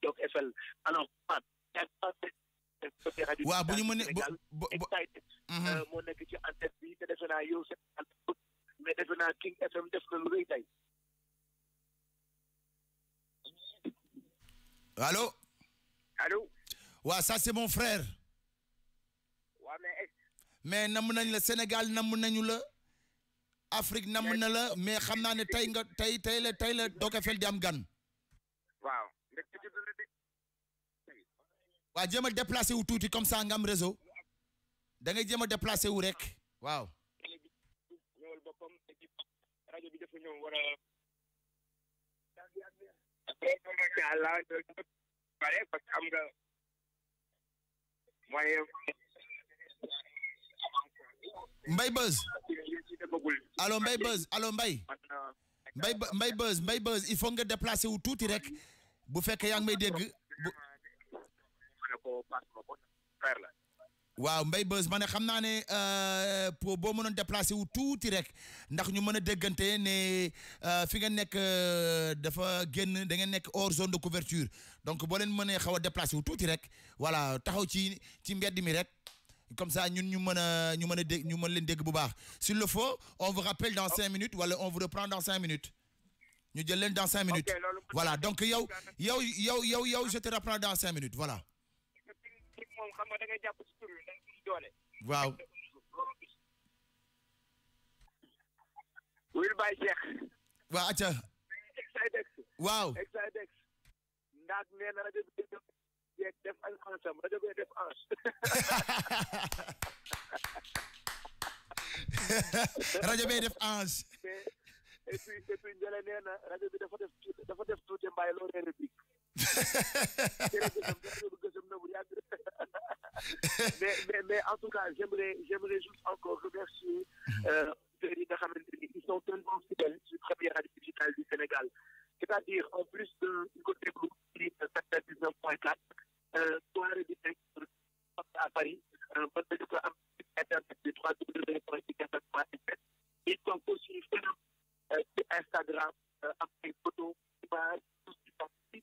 Diop FL alors Pape waaw bu ñu mënee bu bu mhm. euh, moo nekk ci antenne bi te defe def na lu rëy tey. allo. allo. c'est mon frère. mais. mais namm nañ la Sénégal namm nañu la. Afrique namm na la mais xam naa ne tey nga tey tey la tey la Doka Fall di gan. waa me déplacer où tout tuuti comme ça en gamme réseau da ngay jéem déplacer déplacé wow rek waaw. Mbaye Buzz Allô, Mbaye Buzz Allô, Mbaye Mbaye Buzz Mbaye Buzz il faut nga déplacer wu tout rek bu fekkee yaa que may dégg waaw Mbaye Buzz ma ne xam naa ne euh, pour boo mënoon déplacé wu tuuti rek ndax ñu mën a déggante ne euh, fi nga nekk euh, dafa génn da nga nekk hors zone de couverture donc boo leen mënee xaw a déplacé wu tuuti rek voilà taxaw ci ci mbedd mi rek comme ça ñun ñu mën a ñu mën a dégg ñu mën leen dégg bu baax s'il le faut on vous rappelle dans 5 minutes wala on vous reprend dans 5 minutes ñu jël leen dans 5 minutes voilà donc yow yow yow yow yow je te reprends dans 5 minutes voilà moom xam nga da jàpp si tur bi da ngay doole. waaw. Wil Baye Cheikh. waaw acca. Exidex. waaw Exidex. ndax rajo bi def ay ansam rajo bi def ans. rajo bee def ans. et puis et puis rajo bi dafa def dafa def tuuti mbaay loo réer bi mais, en tout cas, j'aimerais, juste encore remercier mhm. euh, ils sont tellement fidèles du premier du Sénégal. C'est-à-dire, en plus du côté groupe, euh, 19.4, à Paris, euh, de Ils sont aussi euh, Instagram, tout ce qui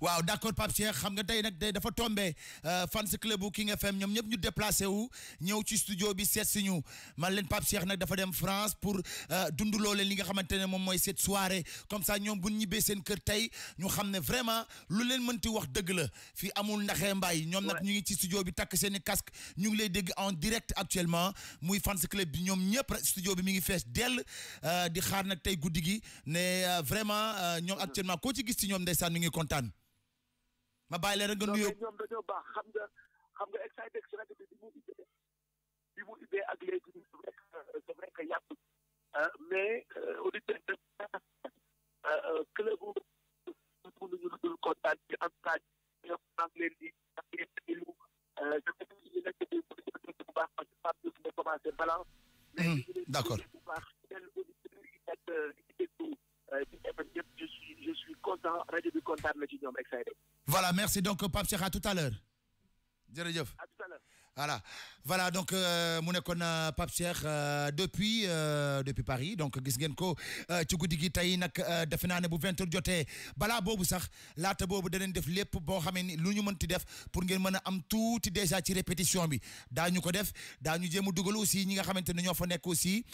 waaw d'accord Pape Cheikh xam nga tay nak day dafa tombé euh, fans club bu King FM ñom ñëpp ñu déplacé wu ñëw ci studio bi sét si ñu man leen Pape Cheikh nak dafa dem France pour euh, dundaloo leen li nga xamantene mom moy cette soirée comme ça ñom bu ñibé ñibbee seen kër tay ñu xamné vraiment lu leen mënti wax dëgg la Fi amul ndaxee mbaay Ñom nak ñu ngi ci studio bi tak seen casque ñu ngi lay dégg en direct actuellement muy fans club bi ñom ñëpp studio bi mi ngi fees dell euh, di xaar nak tay guddigi né vraiment ñom mm-hmm. actuellement ko ci gis ci ñoom ndeysaan mi ngi kontaan. ma bàyyi leen rek nga nuyoo ñoom dañoo baax xam nga xam nga excité excité bi mu ubbee bi mu ubbee ak léegi c'est vrai que c'est vrai que yàgg euh, mais euh, ak de euh, club mënuñu leen di maa ngi leen di lu ñu nekk leen di bu baax seen auditeurs yi nekk je suis je suis content ready bi kontaan na voilà merci donc Pape à tout à l'heure jërëjëf. à tout à l'heure voilà voilà donc euh, mon nekkoon euh, papier euh, depuis depuis Paris donc gis tu ko ci guddi gi tey nag defe ne bu 20 heures jotee balaa sax laata boobu danañ def lépp bo ni def pour ngeen mëna am touti déjà ci répétition bi dañu ko def dañu jëm duggal aussi ñi nga xamanté ñoo fa nekk aussi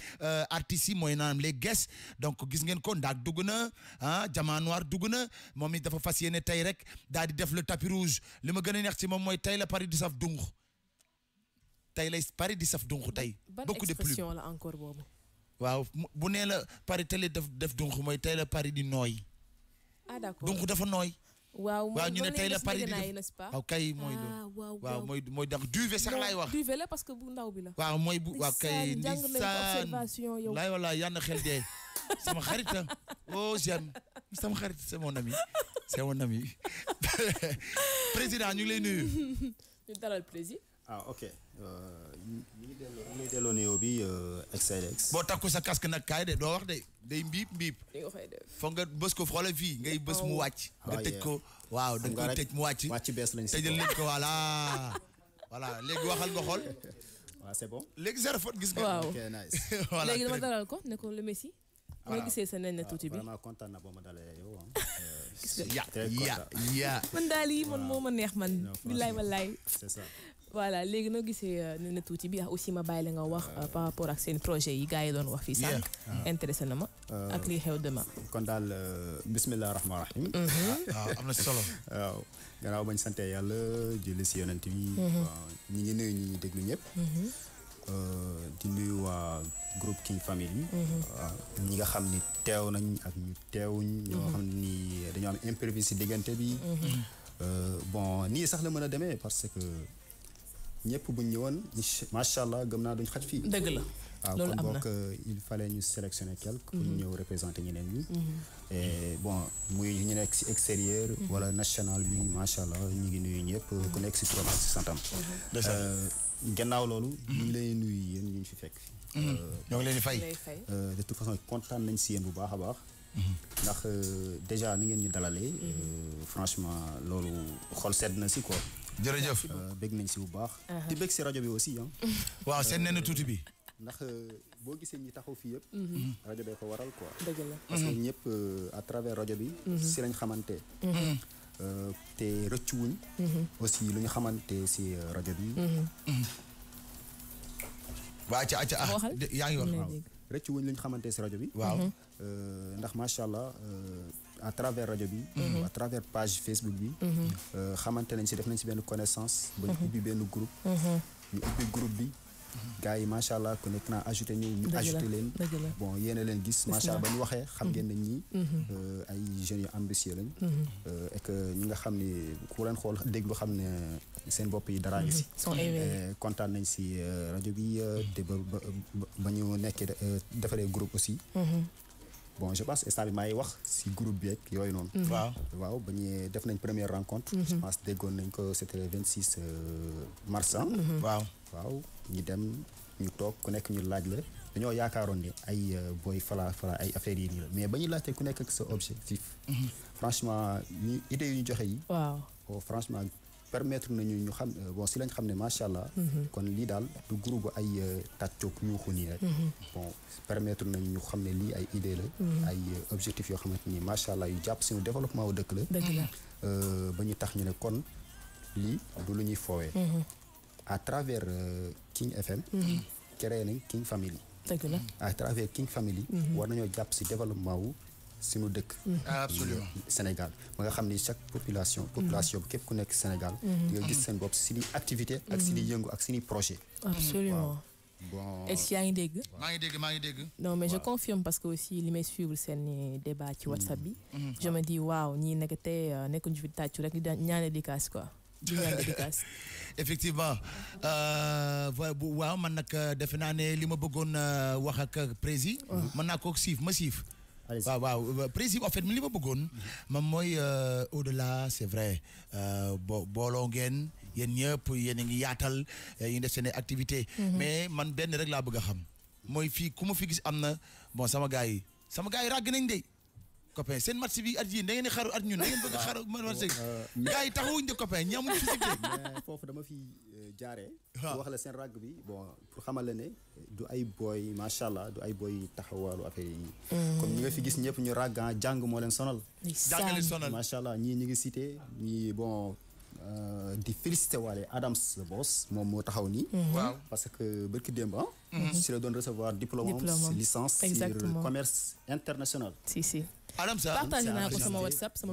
artistes yi naam les guests donc gis ngeen ko ah, Noir dugg momi dafa fas rek di def le tapis rouge lima ma neex ci la Paris du saf dung tay lay pari di saf beaucoup de plus encore bobu waaw bu ne la pari télé def def la pari di ah d'accord dafa waaw ñu ne la di kay ah, waaw parce que bu ndaw bi la. waaw bu kay. wala xel oh c'est mon ami c'est mon ami président ñu lay nuyu. ñu plaisir. ah ok. Euh, ñu ngi delloo ñu bi XLX. Euh, boo takku sa kask nag kaay de doo wax de day mbiip mbiip. foog nga bës ko xoolal fii ngay bës mu oh. wàcc. nga ah, tëj ko waaw da nga koy tëj mu wàcc. wàcc bees lañ si tëjal nañ ko voilà. léegi waxal nga xool. waaw c'est bon léegi zéro faute gis nga. waaw ok nice. voilà léegi dama dalal ko ne ko le Messi. boo ah, ma dalee yow ah. ya ya ya. man daal yi man moo ma neex man. billaay wallaay. voilà légui noo gisee euh, ne na touti bi ah, aussi ma bàyyi la nga wax euh, par rapport ak seen projet yi gaay doon wax fi sànq. Ah. intéressé na ma. Euh, ak li xew demain. kon dal bismillah rahman rahim mhm. amna ah, solo. waaw gannaaw bañ santé yalla julli si yonent bi. Mhm. ñi ngi nuyu ñi ñuy déglu ñëpp. Mhm. di nuyu waa groupe King Family. ñi nga xam ni teew nañ ak ñu teewuñ. ñoo xam ni dañoo am imprévu si diggante bi. bon nii sax la mën a demee parce que ñëpp bu ñu ñëwoon macha allah gëm naa duñ xaj fii. dëgg la ah, loolu am na euh, il fallait ñu sélectionner quelque. pour ñu mhm. ñëw représenter ñeneen ñi. Mhm. et bon muy ñu nekk si extérieur. Mhm. wala national bi macha allah ñu ngi nuyu ñëpp ku nekk si turam ak si santam. Euh, gannaaw loolu. ñu ngi lay nuyu yéen ñu ngi fi fekk. Euh, ñoo ngi leen di fay. de toute façon kontaan nañ si yéen bu baax a baax. ndax déjà ni ngeen ñu dalalee. franchement loolu xol sedd na si quoi. jërëjëf euh, bég nañ si bu baax. Uh-huh. di bég si rajo bi aussi ah. waaw seen nenn tuuti bi. Euh, ndax euh, boo gisee ñi taxaw fii yëpp. Mm-hmm. rajo bee ko waral quoi. dëgg la parce mm-hmm. ñëpp à travers rajo bi. Mm-hmm. si lañ xamante. te rëccuwuñ. aussi lu ñu xamante si rajo bi. waa ca ca ah yaa ngi wax waaw. rëccuwuñ xamante si rajo bi. waaw ndax macha allah. à travers Radio, bi. Mhm. à travers page Facebook bi. Mhm. Euh, xamante nañ ci def nañ ci benn connaissance. ba ñu mhm. ubbi benn groupe. ñu ubbi groupe bi. gars yi macha allah ku nekk naa ajouté ñu bon a gis xam ngeen ambitieux et que ñi nga xam nous ku leen xool déglu xam ne yi dara si kontaan nañ si euh, rajo bi euh, te groupe aussi bon je pense instant bi maa ngi wax si groupe bi ak yooyu noonu. Mhm. waaw waaw ba ñu def nañ première rencontre. Mhm. je pense déggoon nañ ko c' était le 26 euh, mars. Hein. Mhm. waaw waaw ñu dem ñu toog ku nekk ñu laaj la dañoo yaakaaroon ne ay euh, booy fala fala ay affaires yi nii la mais ba ñu laajte ku nekk ak sa objectif. franchement ñu idée yu ñu joxe yi. waaw oh, franchement permettre nañu ñu xam euh, bon si lañ xam ne macha allah. Mhm. kon li dal du groupe ay euh, tàccoog ñu xuni rek. Mhm. bon permettre nañu ñu xam ne li ay idée la. Mhm. ay euh, objectifs yo xamanteni ni macha allah yu japp suñu développement wu dëkk la. dëgg la ba ñu tax ñu né kon li du lu ñuy à travers King FM. créé nañ King Family. dëgg la à travers King Family. war nañu japp ci développement wu suñu dëkk. Ah, absolument Sénégal ma nga xam ni chaque population. Mm-hmm. population bi képp ku nekk Sénégal. Mm-hmm. di nga gis seen bopp si ni activité. ak si ni mm-hmm. yëngu ak si ni projet. absolument bon est-ce qu'il y a un maa non mais je confirme parce que aussi li me suivre seen débat ci WhatsApp bi. je me dis waaw ni nekk tey euh, nekkuñu fi tàccu rek di daan ñaan dédicace quoi. effectivement euh, waaw man nak euh, defe naa ne li ma bëggone wax ak prési man nak ko waaw waaw euh, président en fait li ma bëggoon moom mooy euh, au delà c'est vrai euh, bo booloo ngeen yéen ñëpp yéen a ngi yaatal yi def seen activité mhm. mais man benn rek laa bëgg a xam mooy fii ku ma fi gis am na bon sama gars yi sama gars yi ràgg nañ de copain seen match bi at yii da ngeen di xaru at ñun da ngeen bëgg a xaru match gars yi taxawuñ de copain ñi amuñ fii foofu fi jaaree. wax la seen ràgg bi bon pour xamal la ne du ay booy macha allah du ay booy taxawaalu affaire yi. Hmm. comme ñi nga fi gis ñëpp ñu a ah, jàng moo leen sonal. jàng leen sonal macha allah ñii ñi ngi cité ñii bon. Euh, di félicité waale Adams le boss moom moo taxaw nii. Hmm. parce que bërki démb ah. hmm. si la doon recevoir diplôme licence sur commerce international. Adam Sarr partagé naa ko sama whatsapp uh-huh.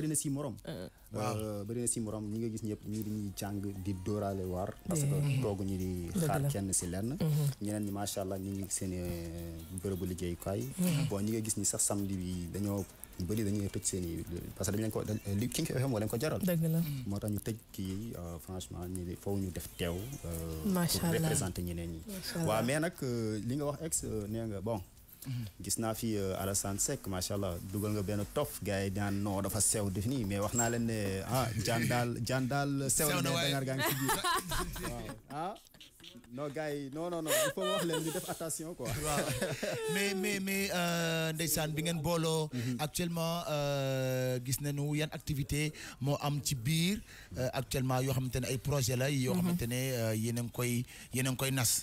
na si morom waaw uh-huh. bëri euh, na ñi nga gis ñëpp ñii dañuy di dóoraale waar eh. parce que toogu ñu di xaar kenn si lenn uh-huh. ñeneen ñi macha allah ñi ngi seen euh, bërëbu liggéeyukaay bon ñi nga gis ñi sax samedi dañoo a bëri dañuy tëj seen i parce que dañ ko li ki nga xam moo leen ko jaral. moo tax ñu tëj kii euh, franchement ñu foofu ñu def teew. Euh, macha allah pour euh, li nga wax ex nee bon. gis naa fi euh, sant Seck macha allah dugal nga benn tof gars yi daan non dafa sew def nii mais wax naa leen ne ah jaan daal daal sew na mais dangar gaa ngi ci biir ah. yi non def attention quoi. waaw mais mais mais euh, ndeysaan bi ngeen booloo. Mhm. actuellement euh, gis nu yan activité moo am ci biir actuellement yoo xamante ne ay projet la yoo mhm. xamante ne yéen a ngi koy yéen a ngi koy nas.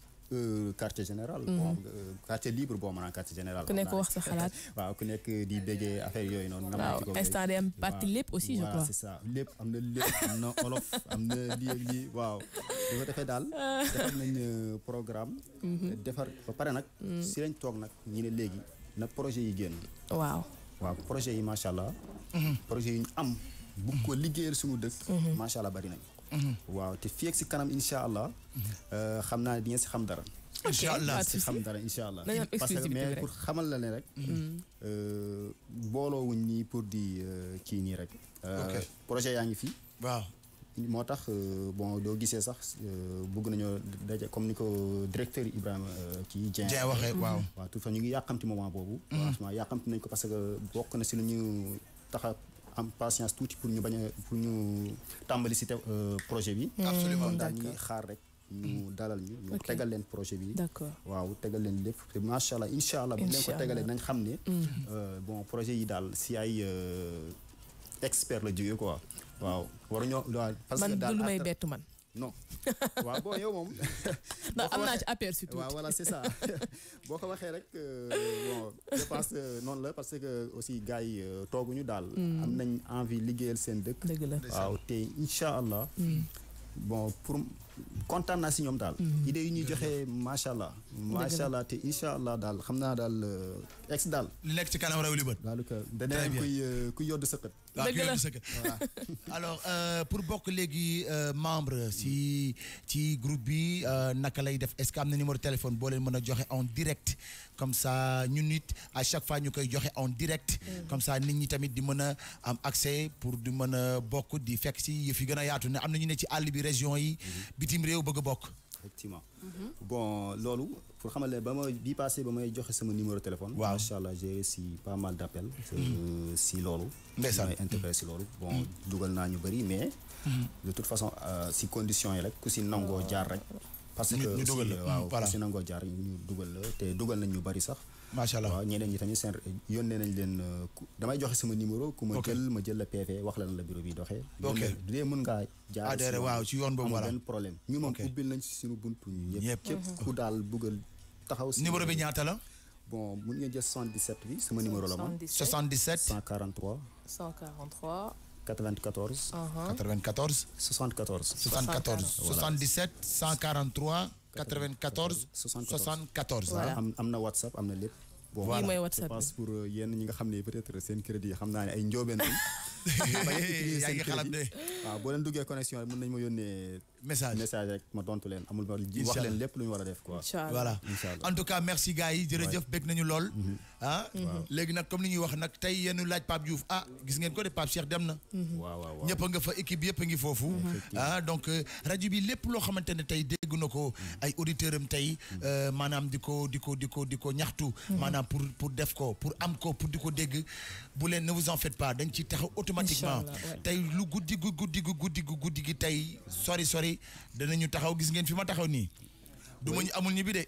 Euh, quartier général. Mhm. bon euh, quartier libre boo mën a quartier général. ku nekk wax sa xalaat. waaw ku nekk di déggee affaire yooyu noonu. waaw instant day am parti lépp aussi je crois. c'est ça lépp am na lépp am na olof am na lii ak ah. euh, mhm. ba pare nag. Mhm. si toog nag ñu ne léegi na projet yi génn. waaw waaw projet yi macha allah. projet yi ñu am. bu ko liggéeyal suñu dëkk. macha allah bari nañ. Mm-hmm. waaw te fii si kanam incha allah. Mm-hmm. Euh, xam naa di ngeen si xam dara. incha allah si xam dara incha allah. parce que mais pour xamal la ne rek. Mm-hmm. Euh, booloo wuñ nii pour di euh, kii nii rek. projet yaa ngi fi. waaw. moo tax bon doo gisee sax bëgg nañoo daje comme ni ko directeur Ibrahima kii Dieng. Dieng waxee waaw. waaw tout ñu ngi yàqamti moment boobu. franchement yàqamti nañ ko parce que bokk na si lu ñu tax am patience tuuti pour ñu bañ pour ñu tàmbali si euh, projet bi. Hmm, absolument dañuy xaar rek. ñu dalal ñu ñu tegal leen projet bi. d'accord waaw tégal leen lépp te machallah inshallah bu leen ko tégalé nañ xamné hmm. euh bon projet yi dal si ay euh expert la jógee quoi. waaw waru ñoo parce que daal man du lu may bett man non bon aperçu voilà c'est ça euh, je pense que euh, parce que aussi gars yi euh, hmm. envie de sen hmm. bon pour kontaan naa si ñoom daal. Mhm. idée yi ñuy joxe macha allah. macha allah te incha allah daal xam naa daal euh, ex daal. li nekk ci kanam raw li bët. daal ko daneen kuy euh, kuy yodd sa kët. dëgg la alors euh, pour bokk léegi membre si ci groupe bi naka lay def est-ce que am na numéro téléphone boo leen mën a joxe en direct comme ça ñun nit à chaque fois ñu koy joxe en direct. Mm. comme ça nit ñi tamit di mën a am accès pour di mën a bokk di fekk si yëf yi gën a yaatu ne am na ñu ne ci àll bi région yi. Mhm bitim réew bëgg a bokk. effectivement mm-hmm. bon loolu pour xamal ba ma bi passé ba may joxe sama numéro téléphone. waaw macha allah j'ai reçu pas mal d' appels. si loolu. ndeysaan may intérêt si loolu. Mm-hmm. bon dugal naa ñu bëri mais. Mm-hmm. de toute façon euh, si condition yi rek ku si nangoo jaar rek. parce que ñu dugal la euh, waaw ku si nangoo jaar ñu dugal la te dugal nañ ñu bëri sax. waaw ñeneen ñi tamit seen yónnee nañ leen euh, damay joxe sama numéro. ku ma jël ma jël la PV wax la lan la bureau bi doxee. ok du dee mën ngaa. jaar adhéré waaw ci yoon boobu wala amul benn problème. ñu moom ubbil nañ si suñu buntu ñëpp. képp ku daal bëggal taxaw si. numéro bi ñaata la. bon mun ngeen jël 77 bi sama numéro la moom. 77 143. 143. 94. 94. 74. 74 77 143. 94 74 voilà am WhatsApp am Je voilà je pense pour euh, yenn ñi nga peut être seen crédit xamna suis ay ndio suis Ya ngi Je de WhatsApp. len suis connexion mën nañ message message rek ma tontu leen amul WhatsApp. wax leen lepp lu ñu voilà en tout cas merci gars yi jërëjëf nañu lool. Mm-hmm ah. Mhm. léegi nag comme li ñuy wax nak tay yenu laaj Pape Diouf ah gis ngeen ko de Pape Cheikh dem na. Mhm. waaw waaw ñëpp nga fa équipe yëpp ngi fofu mhm. ah donc euh, rajo bi lépp loo xamante ne dégg nako ay auditeurum tay manam euh, diko diko diko diko ñaxtu. manam pour pour def ko pour am ko pour diko dégg bu len ne vous en faites pas dañ ci taxaw automatiquement. tay lu guddi gu guddi gu guddi guddi gi tey sori sori ñu taxaw gis ngeen fi ma taxaw ni duma ñu amul ñibbi de.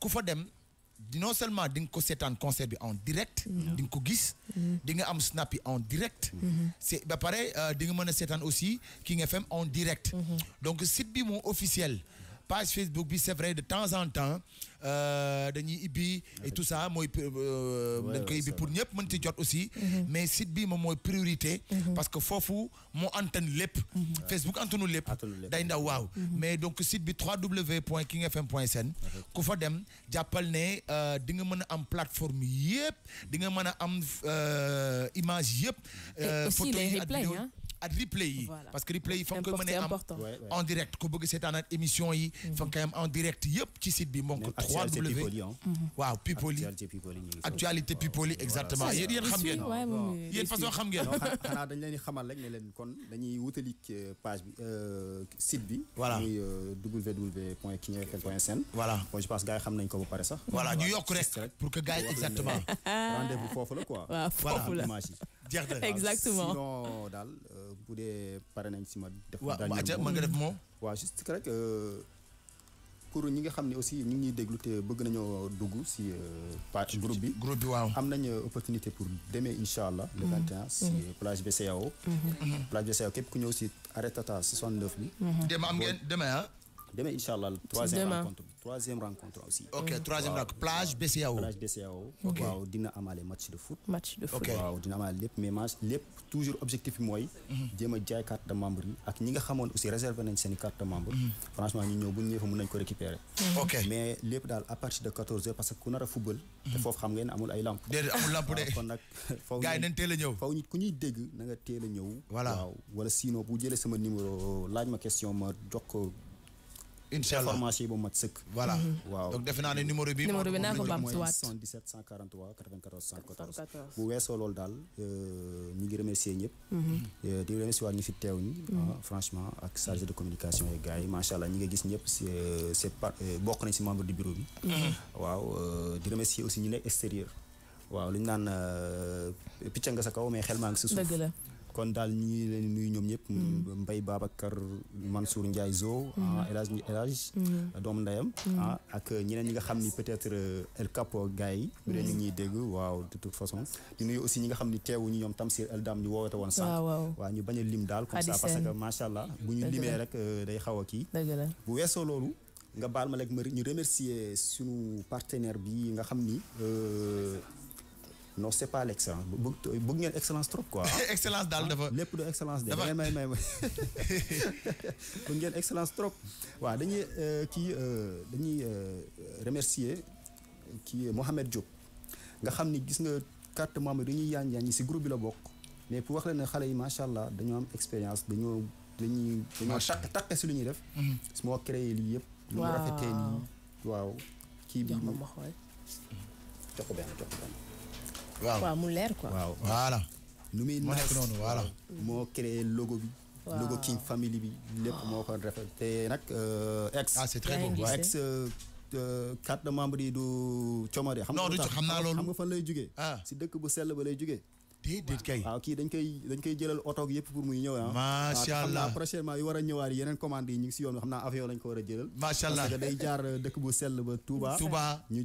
ku dem non seulement ding ko sétane concert bi en direct. Mm-hmm. ding ko gis. Mm-hmm. di am snap en direct. Mm-hmm. c'est pareil pare euh, di nga aussi King FM en direct. donc site bi moo officiel page Facebook bi c'est vrai de temps en temps euh, dañuy ibbi et tout ça moi euh, dañ koy ibbi pour ñëpp mën ci jot aussi mhm. mais site bi moom mooy priorité mhm. parce que Fofu, mon antenne lépp mhm. Facebook antenne lépp day ndaw wow mais donc site bi www.kingfm.sn, point j'appelle fm point sn fa dem jàppal ne euh, di nga mën am plateforme yëpp di nga image yëpp photo les ak ak replay yi parce que replay il faut que koy en direct ku c'est en émission il faut quand même en direct yëpp ci site bi moom 3w hein. mhm. waaw People actualité People yi exactement yéen yéen xam ngeen yéen façon xam ngeen xanaa dañ leen di xamal rek ne leen kon dañuy wutalik euh, page bi euh site bi voilà muy euh, voilà bon je pense gars yi xam nañ ko ba pare sax voilà ñu yok rek pour que gars exactement rendez-vous fofu la quoi voilà image jeex na exactement sinon daal euh, bu dee pare nañ si ma. def daal ma nga def moom. waaw juste que rek euh, pour ñi nga xam ne aussi ñu ngi ñuy déglu te bëgg nañoo dugg si. Euh, partie groupe bi groupe bi waaw. am nañ opportunité pour demee incha allah. le 21 mm-hmm. si mm-hmm. plage BCAO mm-hmm. plage BCEAO képp ku ñëw si tata 69 bi. dem am ngeen demee ah. Demain, Inch'Allah, troisième rencontre. Troisième rencontre aussi. Ok, troisième rencontre. Plage BCAO. Plage BCAO. Ok. Waaw dina amaale match de foot. match de foot waaw dina amaale lépp mais match toujours objectif bi mooy. Mhm. jéem a carte de membre yi ak ñi nga xamoon aussi réservé nañ seen carte de membre. Mhm. franchement ñu ñëw bu ñu ñëwee fa mën ko récupérer. Mhm. ok mais lep, à partir de 14h parce que nous nar a football. te foofu xam ngeen amul ay lampe. déedéet amul lamp de. kon nag faw gars yi nañ teel a ñëw. faw ku ñuy dégg na nga teel a ñëw. voilà waaw wala sinon bu jëlee sama numéro laaj ma question ma jox incha allah information bu mat sëkk. voilà mhm. waaw naa ne numéro bi. bi naa ko bamtuwaat 77 143 94 74. bu weesoo loolu daal euh, ñu ngi remercier ñëpp. Mhm. Euh, di si waat ñu fi teew ñi. Mhm. Ah, franchement ak chargé de communication yi gars yi macha allah ñi nga gis ñëpp c' est c' bokk nañ si membre du bureau bi. waaw euh, di remercier aussi ñu nekk extérieur. waaw lu ñu naan picc nga sa kaw mais xel maa ngi si suuf. kon daal ñu leen nuyu ñoom ñëpp. Mm. Mbaye Babacar Mansour mm. Ndiaye Zo. Mm. Ah, El Hadj El Hadj. doomu ndeyam. Ah, ak ñeneen ñi nga xam ni peut-être euh, El Capo gars yi. bu dee ñu ngi dégg waaw de toute façon. di nuyu aussi ñi nga xam ni teewuñu ñoom Tamsir El Dam ñu woote woon sànq. waaw ñu baña lim daal. comme ça parce que macha allah bu ñu limee rek euh, day xaw a kii. bu weesoo loolu. nga baal ma rek ma ñu remercier suñu partenaire bi nga xam ni. Euh, non c'est pas l'excellence bëgg ngeen excellence trop quoi. excellence dal dafa lépp du excellence de. dafa may may may bëgg ngeen excellence trop. waaw dañuy euh, kii euh, dañuy euh, remercier kii Mohamed Diop nga xam ni gis nga carte membre dañuy yaañ yaañ si groupe bi la bokk mais pour wax la ne xale yi macha allah dañoo am expérience dañoo dañuy. dañoo takk takk si lu ñuy def. moo mhm. créé lii yëpp. waaw mu rafetee nii waaw. kii bi jox ko benn jox ko benn. waaw mu leer ko waaw waala nu muy nekk noonu voilà. moo créé logo bi. waaw logo King Family bi. lépp moo ko rafet te nag. Euh, ex ah c'est très beau waaw ex. carte euh, euh, de yi du comoré. xam nga xam naa loolu xam nga fan lay jugee. Ah. si dëkk bu sell ba lay jugee. déedéet kay waaw kii dañ koy dañ koy jëlal otoog yëpp pour muy ñëw ah. macha allah xam naa prochainement yu war a ñëwaat yeneen commande yi ñu si yoon xam naa avion lañ ko war a jëlal. macha allah parce que day jaar dëkk bu sell ba Touba. Touba ñu.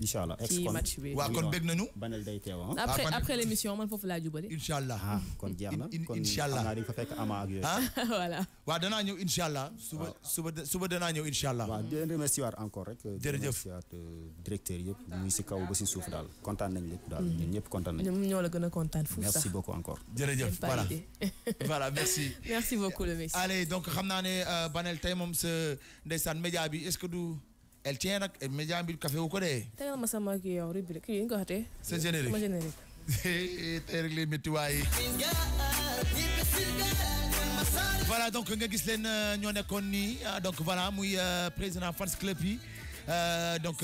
Inshallah. Ah? Ah, après l'émission l' ah, encore merci beaucoup encore. voilà merci. beaucoup le allez donc je euh, est-ce que elle tient nag eh, média mbi café wu ko ma générique C'est générique. voilà donc nga gis pris euh, ñoo ni euh, donc euh, président club donc.